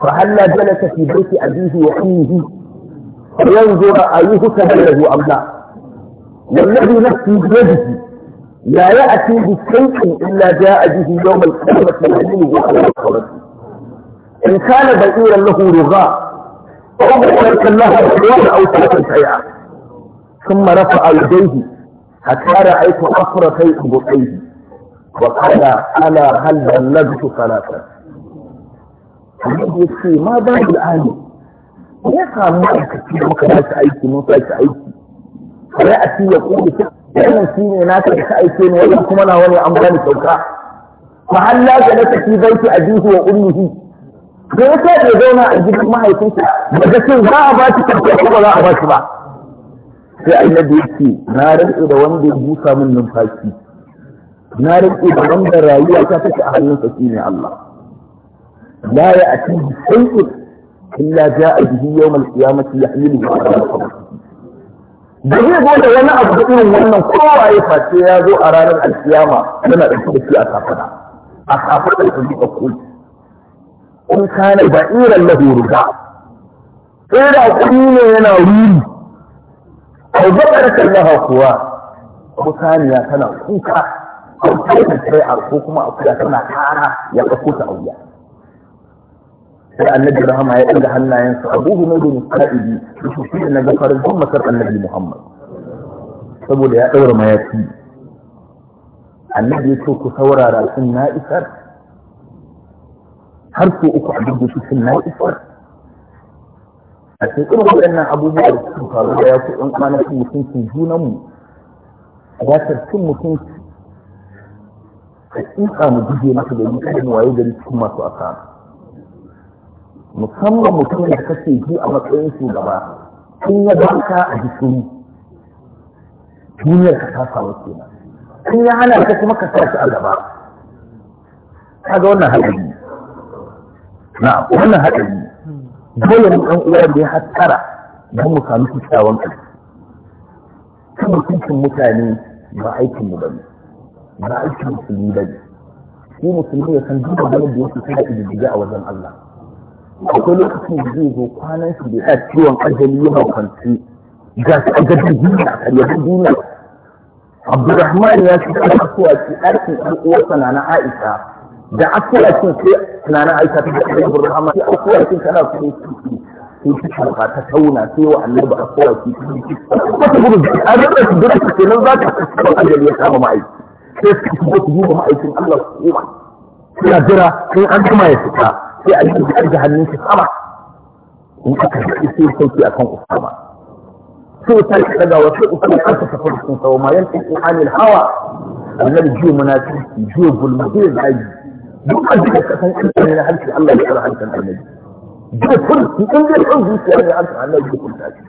فهلا جلس في بيت أبيه وحيه فينظر أيه تبله أم لا والذي نفسي بيده لا يأتي بشيء إلا جاء به يوم القيامة يحمله على الصلاة إن كان بئيرا له رغاء ترك الله بحيوان أو ترك شيئا ثم رفع يديه حتى رأيت شيء أبقيه وقال ألا هل بلغت ثلاثة ya ce ma ba da al'ani ya samu ma'aikaci da muka ba aiki mun sa shi aiki sai a ci ya kuma ta wannan shi ne na ka ta aike ne wannan kuma na wani an bani sauka fa halla ga zai ci a abihi wa ummihi da ya sa ya zauna a gidan mahaifinsa ba ga cin za a ba shi kanta ko ba za a ba shi ba sai annabi ya ce na rantsa da wanda ya busa min numfashi na rike da wanda rayuwa ta take a hannunsa shine Allah la ya ati shay'in illa ja'a bihi yawm al-qiyamati yahmilu ala al-qabr da zai zo da wani abu da irin wannan kowa ya face ya zo a ranar alkiyama yana ɗauke da shi a kafada a kafada da zuwa koyi in kana ba iran na ruga sai da kuɗi ne yana ruri abu bakar kallaha kuwa ko saniya tana kuka a kusa shari'ar ko kuma a kusa tana kara ya ɗauko ta auya sai annabi rahama ya ɗaga hannayensa abu hunudun ka'idi da su shi na gafarin sun masar annabi muhammad saboda ya ɗaura mayafi annabi ya ce ku saurara sun na isar har ko uku a duk su sun na isar a cikin waɗannan abubuwa da suka faru da ya kuɗin kwanakin mutuncin junanmu ya tarcin mutunci ka tsitsa mu jije masa da yi kan waye gari cikin masu asa musamman mutum da kake ji a matsayin shugaba in ya baka a jikini duniyar ka ta samu kenan in ya hana ka kuma ka sa shi a gaba kaga wannan haɗari na wannan haɗari dole mu ɗan uwa da ya hattara don mu sami kyakkyawan ƙarfi Kuma mutuncin mutane ba aikin mu bane ba aikin musulmi ba ne shi musulmi ya san duka ganin da yake kada ididdiga a wajen Allah akwai lokacin da zai zo kwanan shi da ya ciwon ajali yana kwanci ga shi a gadin duniya a karyar duniya Abdurrahman ya ci ɗan asuwaci ɗakin ɗan uwarsa na na Aisha da asuwacin sai na na Aisha ta ɗakin Abdurrahman sai asuwacin tana kuma ciki sai ta karɓa ta tauna sai wa annabi asuwaci ta ciki. Wata gudu an rasa su duk kenan za ta ajali ya kama ma'aiki. sai su shigo su duba ma'aikin Allah su koma suna jira sai an gama ya fita sai a yi da hannun shi sama in aka yi sai a kan Usama sai ta yi daga wasu Usama kansa ta farko sawa ma yan tsiki anil hawa annabi jiya munafiki jiya gulma jiya zagi duk an duka kasan annabi na harshen Allah ya tsara harshen annabi jiya furci in zai kan zuciya ne harshen Allah ya furta shi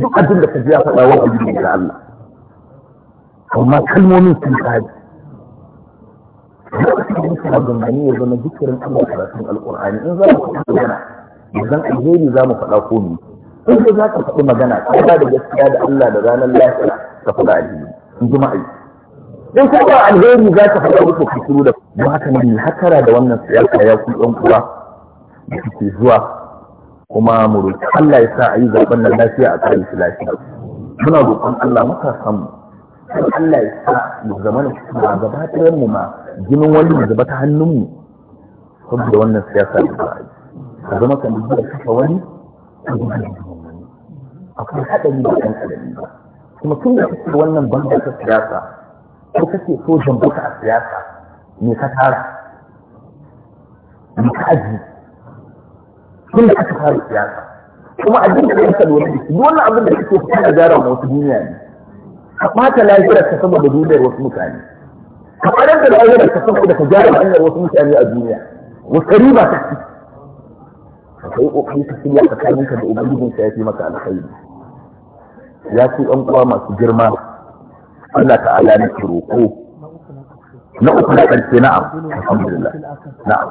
duk abin da ka ji ya faɗa wa abin da Allah amma kalmomin sun kaji suna gangani ya zama zikirin Allah karatun alƙur'ani in za mu faɗi magana idan alheri za mu faɗa ko mu in dai za ka faɗi magana ka ba da gaskiya da Allah da ranar lafiya ka faɗa alheri in ji ma'ai in ka ba alheri za ka faɗa wasu shiru da ba haka ne hakara da wannan siyasa ya ku ɗan uwa da suke zuwa kuma mu roƙi Allah ya sa a yi zaɓen nan lafiya a kare shi lafiya muna roƙon Allah matasan mu kan Allah ya sa mu zama na ba gabatar mu ma ginin wani mu zaba ta hannunmu saboda wannan siyasa da ba ka zama kan da kafa wani akwai haɗari da ɗan ƙarami ba kuma tun da kake wannan banda ta siyasa ko kake so jambuka a siyasa me ka tara me ka aji tun da aka fara siyasa kuma a abin da ya ka lura da shi wannan abin da kake so ka gyara wasu duniya ne ka ɓata lafiyar ka saboda duniyar wasu mutane ka ɓarar da lafiyar ka saboda ka gyara hanyar wasu mutane a duniya wasu ba ta ci ka kai ƙoƙari ka shirya tsakaninka da ubangijin ka ya fi maka alkhairi ya ci ɗan uwa masu girma Allah ta'ala na ki roƙo na uku na na na'am alhamdulillah na'am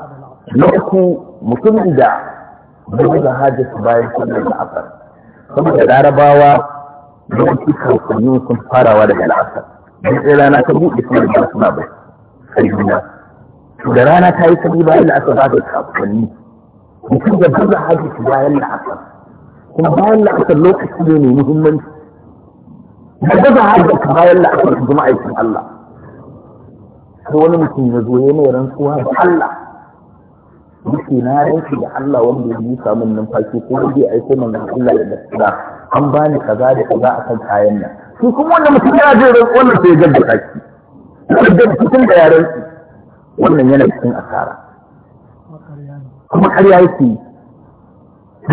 na uku mutum da bai da hajjata bayan sallar da asar saboda larabawa don su kasannin sun farawa daga al'asar duk da rana ta buɗe suna da suna bai sai juna to da rana ta yi sabi bayan la'asar ba da kasanni mutum da ba za a haɗu bayan la'asar kuma bayan la'asar lokaci ne mai muhimmanci da ba za a haɗu bayan la'asar su zama aikin Allah sai wani mutum ya zo ya mai rantsuwa da Allah yake na ranki da Allah wanda ya yi samun numfashi ko zai aiko manzon Allah da gaskiya an bani kaza da kaza akan kayan nan shi kun wanda mutum yana jin ran wannan sai ga da kaki da mutum da yaran su wannan yana cikin asara kuma ƙarya yake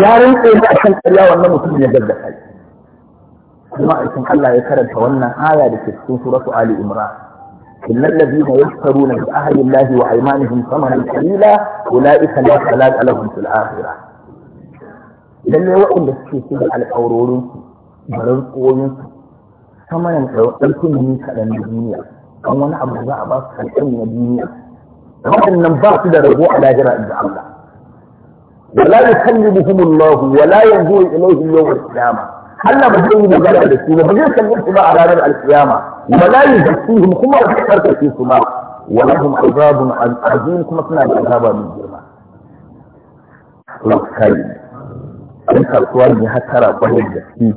yaran sai da akan ƙarya wannan mutum ya gadda kaki kuma a cikin Allah ya karanta wannan aya da ke cikin suratu Ali Imran إن الذين يشترون بأهل الله وأيمانهم ثمنا قليلا أولئك لا خلاق لهم في الآخرة Idan lalle waɗanda suke ce da alƙawarorin da rantsuwoyin su sama yin ɗaukin ne kaɗan da duniya kan wani abu za a ba su kaɗan na duniya waɗannan ba su da rabo a lahira inda Allah wala yukallimuhum Allah wala yanzuru ilayhim yawm al-qiyamah Allah ba zai yi magana da su ba ba zai kalle su ba a ranar al-qiyamah wala yuzakkihim kuma ba zai karkace su ba wala hum azabun azim kuma suna da azaba mai girma Allah kai ɗan kasuwa ne har tara da gaske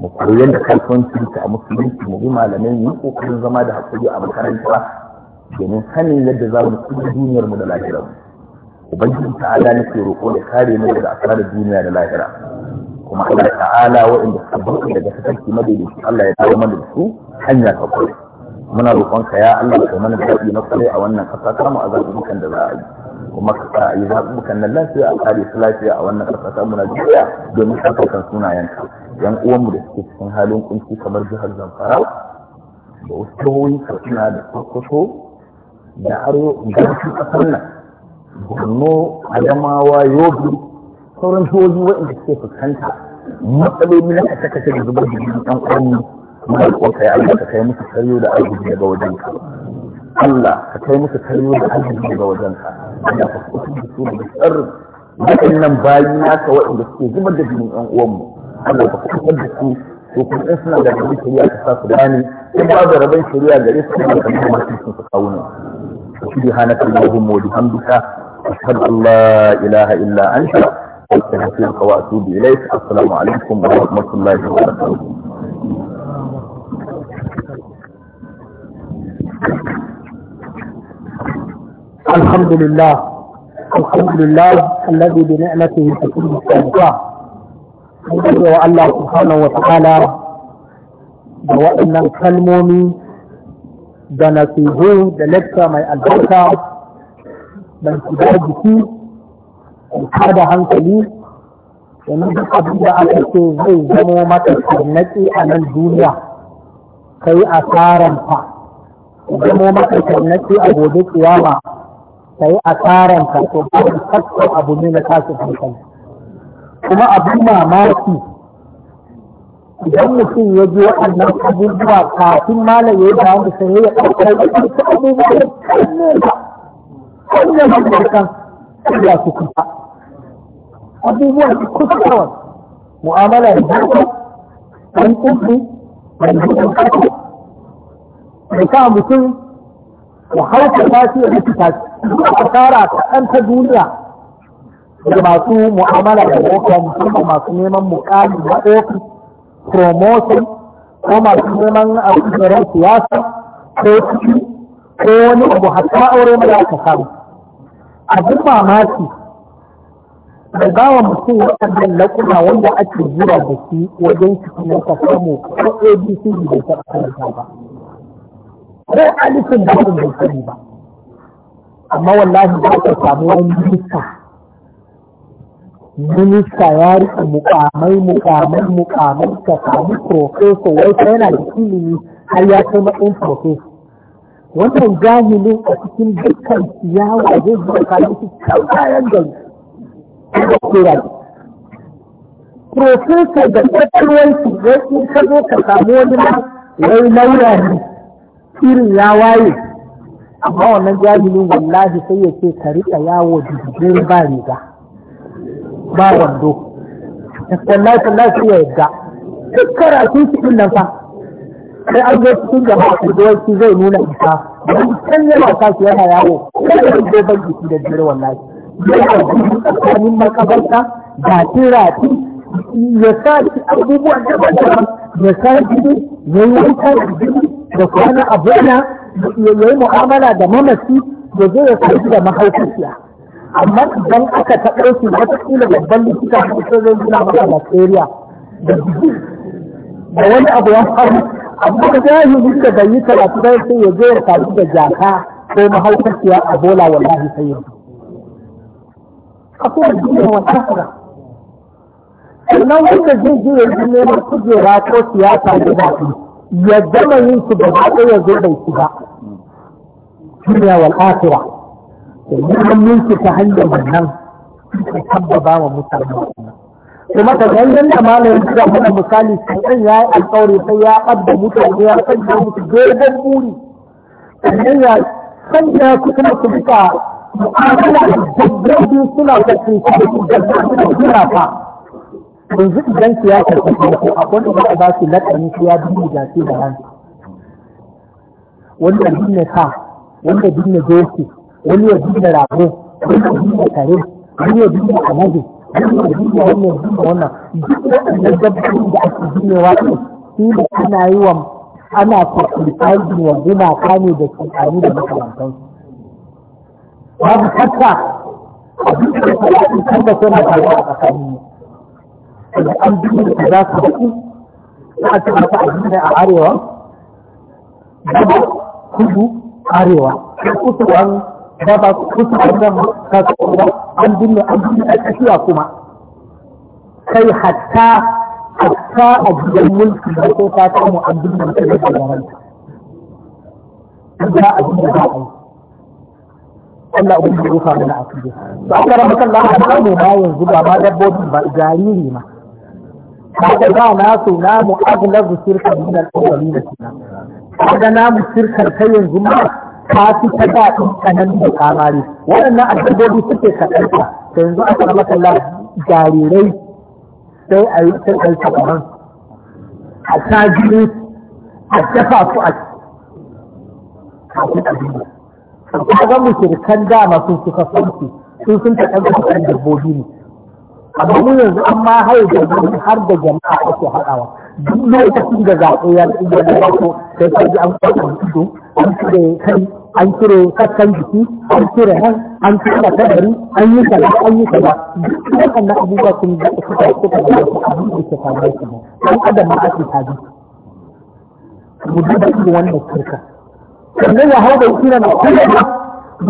mu koyi yadda kasuwanci ta a musulunci mu bi malamai mu kokarin zama da hakuri a makaranta domin sanin yadda za mu kuma duniyar mu da lahirar ubangiji ta'ala nake roƙo da kare mu daga asarar duniya da lahira kuma Allah ta'ala waɗanda suka barka daga sakarki su Allah ya dawo mana da su hanya ta kwarai muna roƙonka ya Allah ka mana zaɓi na kwarai a wannan ƙasa kama a zaɓuɓɓukan da za a yi kuma ka sa yi zaɓuɓɓukan nan lafiya a kare su lafiya a wannan ƙasa ta mu Najeriya domin suna yanka, yan uwanmu da suke cikin halin kunci kamar jihar Zamfara da wasu jihohi Katsina da kwakwato da har gashin ƙasar nan Borno, Adamawa, Yobe, sauran jihohi waɗanda suke fuskanta matsaloli na kashe-kashe da zubar da ɗan ƙwarni Mai kwanta ya Allah ka kai musu karyo da arziki daga wajen ka. الله كي مكت هلوه بحاجة مبا وزنها أنا فسكتين بسول بسر جئنن باينا كوائن بسكو جمد جمعن أمه أنا فسكتين بسكو وكل إنسان عند ربي شريعة كساس داني كم بعض ربي شريعة جريس كم بعض ربي شريعة جريس كم تقاونا وشدي هانك اللهم وبحمدك إله إلا أنت والسلام عليكم السلام عليكم ورحمة الله وبركاته Thank you. الحمد لله الحمد لله الذي بنعمته تكون الصالحات ندعو الله سبحانه وتعالى وإن الكلمومي da nasihu da lecture mai albarka da shiga jiki da hankali domin zai zamo kai a tsaranta a gobe ka yi asaran ka to kakkan abu ne na tashin hankali kuma abin mamaki idan mutum ya ji waɗannan abubuwa kafin malam ya yi da wanda sai ya ɗaukar da su abubuwa ba ba ya su abubuwa da mu'amala da ɗan da da mutum ku hauka ce da ta a ta kaɗan ta duniya da masu mu'amala da boka musamman masu neman mukami na ofis promotion ko masu neman abubuwan siyasa ko ciki ko wani abu hatta aure mai aka samu abin mamaki da gawa mutum waɗannan laƙuna wanda ake jira da shi wajen cikin ka samu ko abc da ta ba ko alifin da abin bai sani ba amma wallahi za ka samu wani minista minista ya rika mukamai mukamai mukamai ka samu profeso wai ta yana da ilimi har ya kai matsayin profeso wannan jahilin a cikin dukkan ciyawa zai zuwa kayan su kayan gari da kura profeso da kwakwalwarsu wai in ka zo ka samu wani wai laura ne tafsirin ya waye amma wannan jahilin wallahi sai ya ce ka riƙa yawo jirgin ba riga ba wando wallahi wallahi sai ya yadda duk karatun cikin nan fa sai an zo cikin gaba a kirgowarci zai nuna isa don can yana sa su yana yawo kan da zo ban jiki da jirgin wallahi yana tsakanin makabarta da tirati ya sa abubuwan da ba ya sa jini ya yi wuta da jirgin da kwana a bola ya yi mu'amala da mamaci ya zai ya kai da mahaukaciya amma idan aka ta ɗauki wataƙila babban likita a cikin zai gina maka bacteria da da wani abu ya faru amma da zahiri da bai yi karatu ba sai ya zai ya kai da jaka ko mahaukaciya a bola wallahi sai ya akwai duniya wata fara sannan wanda zai je ya yi neman kujera ko siyasa da zafi ya zama yin su ba za ya zo bai shi ba duniya wal akhira idan mun shi ta hanyar wannan ka tabbaba wa mutane kuma ka ganin da malamin da mana misali sai ya yi alƙawari sai ya abba mutane ya san sanya musu dogon buri sannan ya san sanya su kuma su buka mu'amala da dabbobi suna da su kuma su da su da yanzu idan su siyasar ta farko akwai da za ba su lakani su ya binne gashi da hannu wanda binne ka wanda binne doki wani ya binne rago wani ya binne kare wani ya binne alade wani ya binne wannan ya binne wannan duk waɗannan dabbobi da ake binnewa su shi da ana yi wa ana fasilitaizin wa gumaka ne da shekaru da makamantansu babu hatta abin da ya faɗa in tabbatar da a tsakanin da an duk da za su haɗu za a taɓa ta abinda a arewa gaba kudu arewa kusurwan gaba kusurwan nan ta tsoron an binne an binne a tafiya kuma kai hatta hatta a gidan mulki da ko ta samu an binne mutum da jama'a za a binne za a yi Allah ubin da rufa mana a cikin. Ba a kara makan lafiya ba ne ma yanzu ba ma dabbobin ba jariri ma. kaga ba nasu namu aglabu shirkan min al-awwalin kaga namu shirkan kai yanzu ma ka fi ta ba din kanan da kamari waɗannan addabobi suke kaɗan ka da yanzu aka rama kalla jarirai sai a yi sai kai kaman a sha jini a dafa su a cikin abin da kaga mushrikan dama sun suka sanki su, sun ta ɗan kaɗan dabbobi ne amma mu yanzu an ma haye da har da jama'a ake haɗawa duk lokacin da zaɓe ya da ya farko da ya ji an kwaɗa ido an cire kai an cire sassan jiki an cire nan an cire kadari an yi kala an yi kala duk waɗannan abubuwa sun da suka suka da su duk da ke faruwa su ne dan adam ma ake tabi mu duba irin wannan kirka sannan ya hau da kira na kuma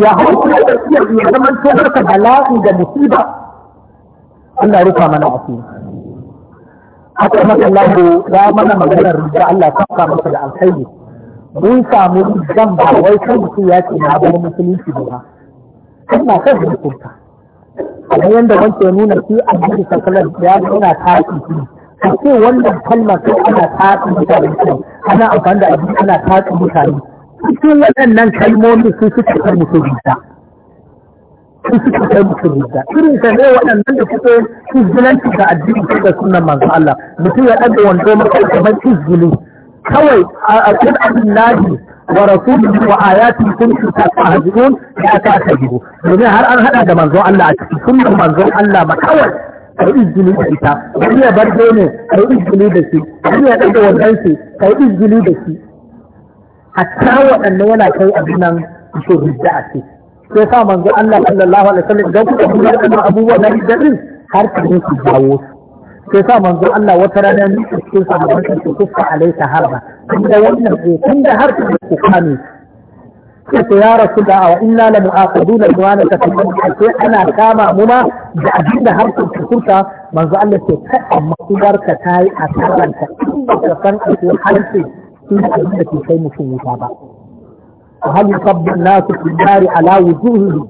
ya hau da kira ya zama tsohon harka bala'i da musiba Allah rufa mana asiri ta maka Allah ya mana maganar da Allah ta saka masa da alkhairi mun samu zan ba wai kan mutum ya ce na bari musulunci ba na kan hukunta kamar yadda wanke nuna shi a jiki sakalar ya nuna tashi shi a ce wannan kalmar sai ana tashi mutane ana amfani da abin ana tashi mutane cikin waɗannan kalmomi sun suka kan musulunta sun suka kai musu rida irin ka ne waɗannan da suke izgilanci da addini da sunan manzo Allah mutum ya ɗaga wando maka kamar izgili kawai a cikin abin lahi wa rasulihi wa ayatin kun su ta tahajjun ya ta tajibu domin har an haɗa da manzo Allah a cikin sunan manzo Allah ba kawai kai izgili da ita wani ya bar ne kai izgili da shi wani ya ɗaga wannan shi kai izgili da shi hatta waɗanne yana kai abin nan shi rida a ciki sai sa manzo Allah sallallahu alaihi wasallam idan kuka duba wannan abubuwa na hiddarin har ka ne ku dawo sai sa manzo Allah wata rana ne cikin sahabban shi kuka alaita harba inda wannan ko eh, kun da har ku kame sai ya rasu da wa inna la mu'aqiduna bi wa ka tabbata sai ana kama mu ma da abin da har ku kurta manzo Allah ce kai amma kubar ka tayi a taranta in ba ka san ko har sai in da ke kai mutum wuta ba وهل يصب الناس في النار على وجوههم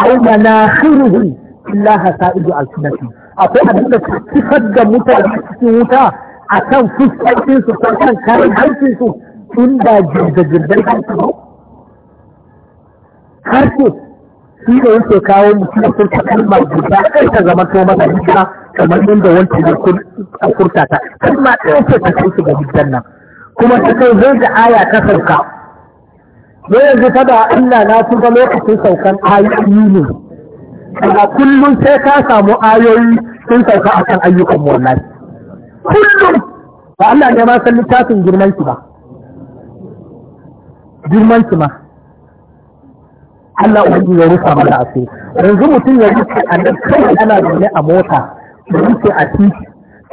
أو مناخرهم إلا هسائد ألسنتهم akwai abin kifar da mutane cikin wuta a kan fuskokin su ko kan kayan harshen su in ba jirgin harshe ba harshe shi ne yake kawo mutum da furta kalmar guda kai ta zama to masa hijira yadda wancan ya furta ɗaya ce ta nan kuma ta kai zai da aya ta ne yanzu kada Allah na tuba lokacin saukan ayoyi ne a kullum sai ka samu ayoyi sun sauka a kan ayyukan wallahi kullum ba Allah ne ma san littafin girman ba girman ma Allah ubangi ya rufa mana asiri yanzu mutum ya rufe a nan kai ana zaune a mota da rufe a titi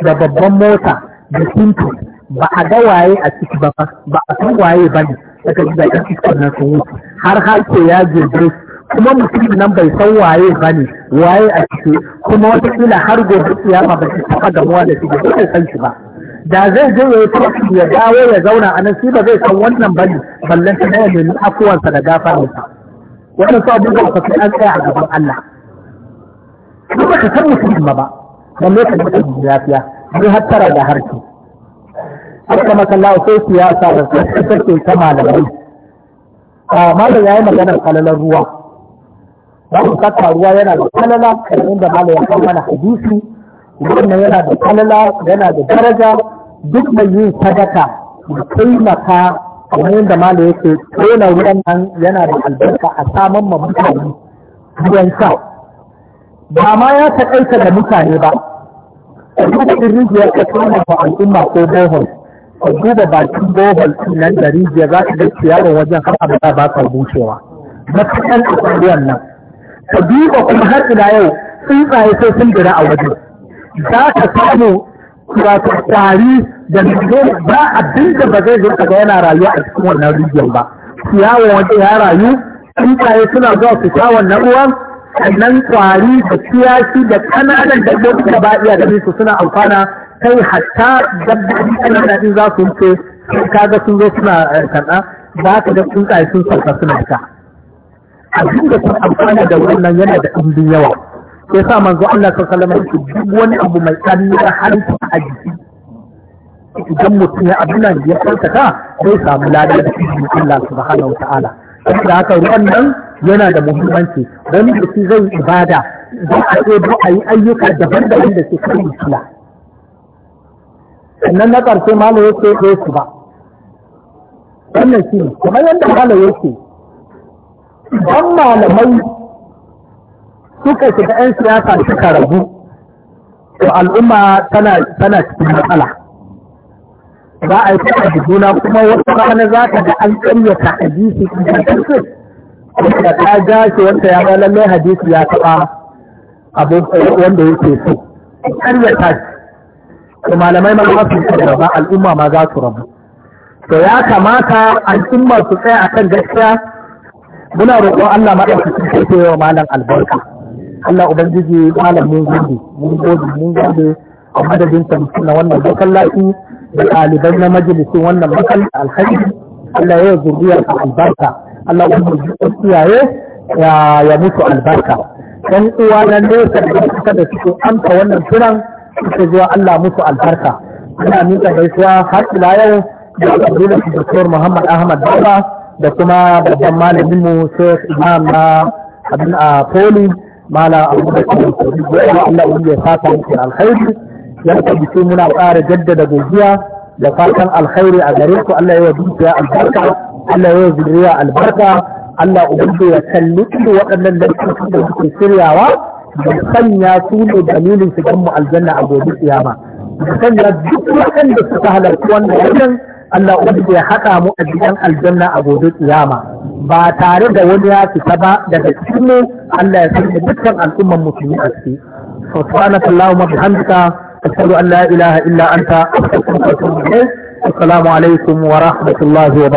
da babban mota da tinto ba a ga waye a ciki ba ba a san waye ba ne daga gidajen iskar na sun wuce har harke ya girgire kuma mutum nan bai san waye ba ne waye a cike kuma wata kila har gobe ya ba shi taɓa damuwa da shi ba san shi ba da zai je ya yi ya dawo ya zauna a nan shi ba zai san wannan ba ne ballan ta ya nemi afuwansa da gafarinsa wannan su abubuwan ka an tsaya a gaban Allah kuma ka san mutum ba ba balle ka mutum lafiya ni hattara da harshe haka masallawa sai siyasa da suke ta malamai a malam yi maganar kalalar ruwa za ku saka ruwa yana da kalala kamar da malam ya kawo mana hadisi wannan yana da kalala yana da daraja duk mai yin sadaka da taimaka kamar yadda malam yake tona ruwan nan yana da albarka a saman ma mutane ruwan sha ba ma ya taƙaita da mutane ba a cikin rijiyar ka tona ba al'umma ko bohol ka duba bakin bohol nan da rijiya za ka ga ciyarwar wajen har abada ba ka bushewa na kasan ruwan nan ka duba kuma har ina yau tsuntsaye sai sun dira a wajen za ka samu wato tari da mutum ba abin da ba zai zurka ga yana rayuwa a cikin wannan rijiyar ba ciyawa wajen ya rayu tsuntsaye suna zuwa su sha wannan ruwan sannan kwari da kiyashi da kananan dabbobi da ba iya da su suna amfana kai hatta dabbobi ana da za su wuce kaga sun zo suna eh, karɓa ba ka ga tsaye sun sauka suna a abin da sun amfana da wannan yana da ɗumbin yawa sai sa manzo Allah sallallahu alaihi wasallam duk wani abu mai tsanni da halitta a jiki idan mutum ya abin nan ya tsarkaka zai samu lada da cikin Allah subhanahu wa ta'ala da haka ruwan nan yana da muhimmanci wani da zai ibada za a ɗebo a yi ayyuka daban-daban da ke kan isla sannan na ƙarshe malam ya ce ɗaya su ba wannan shi ne kamar yadda malam ya ce idan malamai suka shiga 'yan siyasa suka rabu to al'umma tana cikin matsala za a yi ta da juna kuma wasu rana za ka ga an ƙaryata hadisi da ta ja shi wanda ya ga lallai hadisi ya taɓa abin wanda yake so ƙaryata shi to malamai ma za su da ba al'umma ma za su rabu to ya kamata al'umma su tsaya a kan gaskiya muna roƙon Allah ma madaukakin sarki wa malam albarka Allah ubangiji malam mun gode mun gode mun gode a madadin sa na wannan masallaci da ɗalibai na majalisin wannan masallaci alhaji Allah ya yi zuriyar albarka Allah ubangiji ya kiyaye ya mutu albarka dan uwa na nesa da suka da cikin amsa wannan kiran suka zuwa Allah musu albarka ina miƙa gaisuwa har ila yau da Abdullah Dr. Muhammad Ahmad Baba da kuma babban malamin mu Sheikh Imam na abin a Poli Mala Abubakar Koriya Allah ya fata muku alkhairi yan tabbaci muna ƙara jaddada godiya da fatan alkhairi a gare ku Allah ya wa dukiya albarka Allah ya wa zuriya albarka Allah ubangiji ya kalli waɗannan lantarki da suke shiryawa da sanya su ne dalilin su kan mu aljanna a gobe kiyama sanya duk waɗanda suka halarci wannan wajen Allah ubangi ya haɗa mu a gidan aljanna a gobe kiyama ba tare da wani ya fita ba daga cikin mu Allah ya sanya dukkan al'umman musulmi a ciki subhanaka allahumma bihamdika ashhadu an la ilaha illa anta astaghfiruka wa atubu ilayk assalamu alaikum wa rahmatullahi wa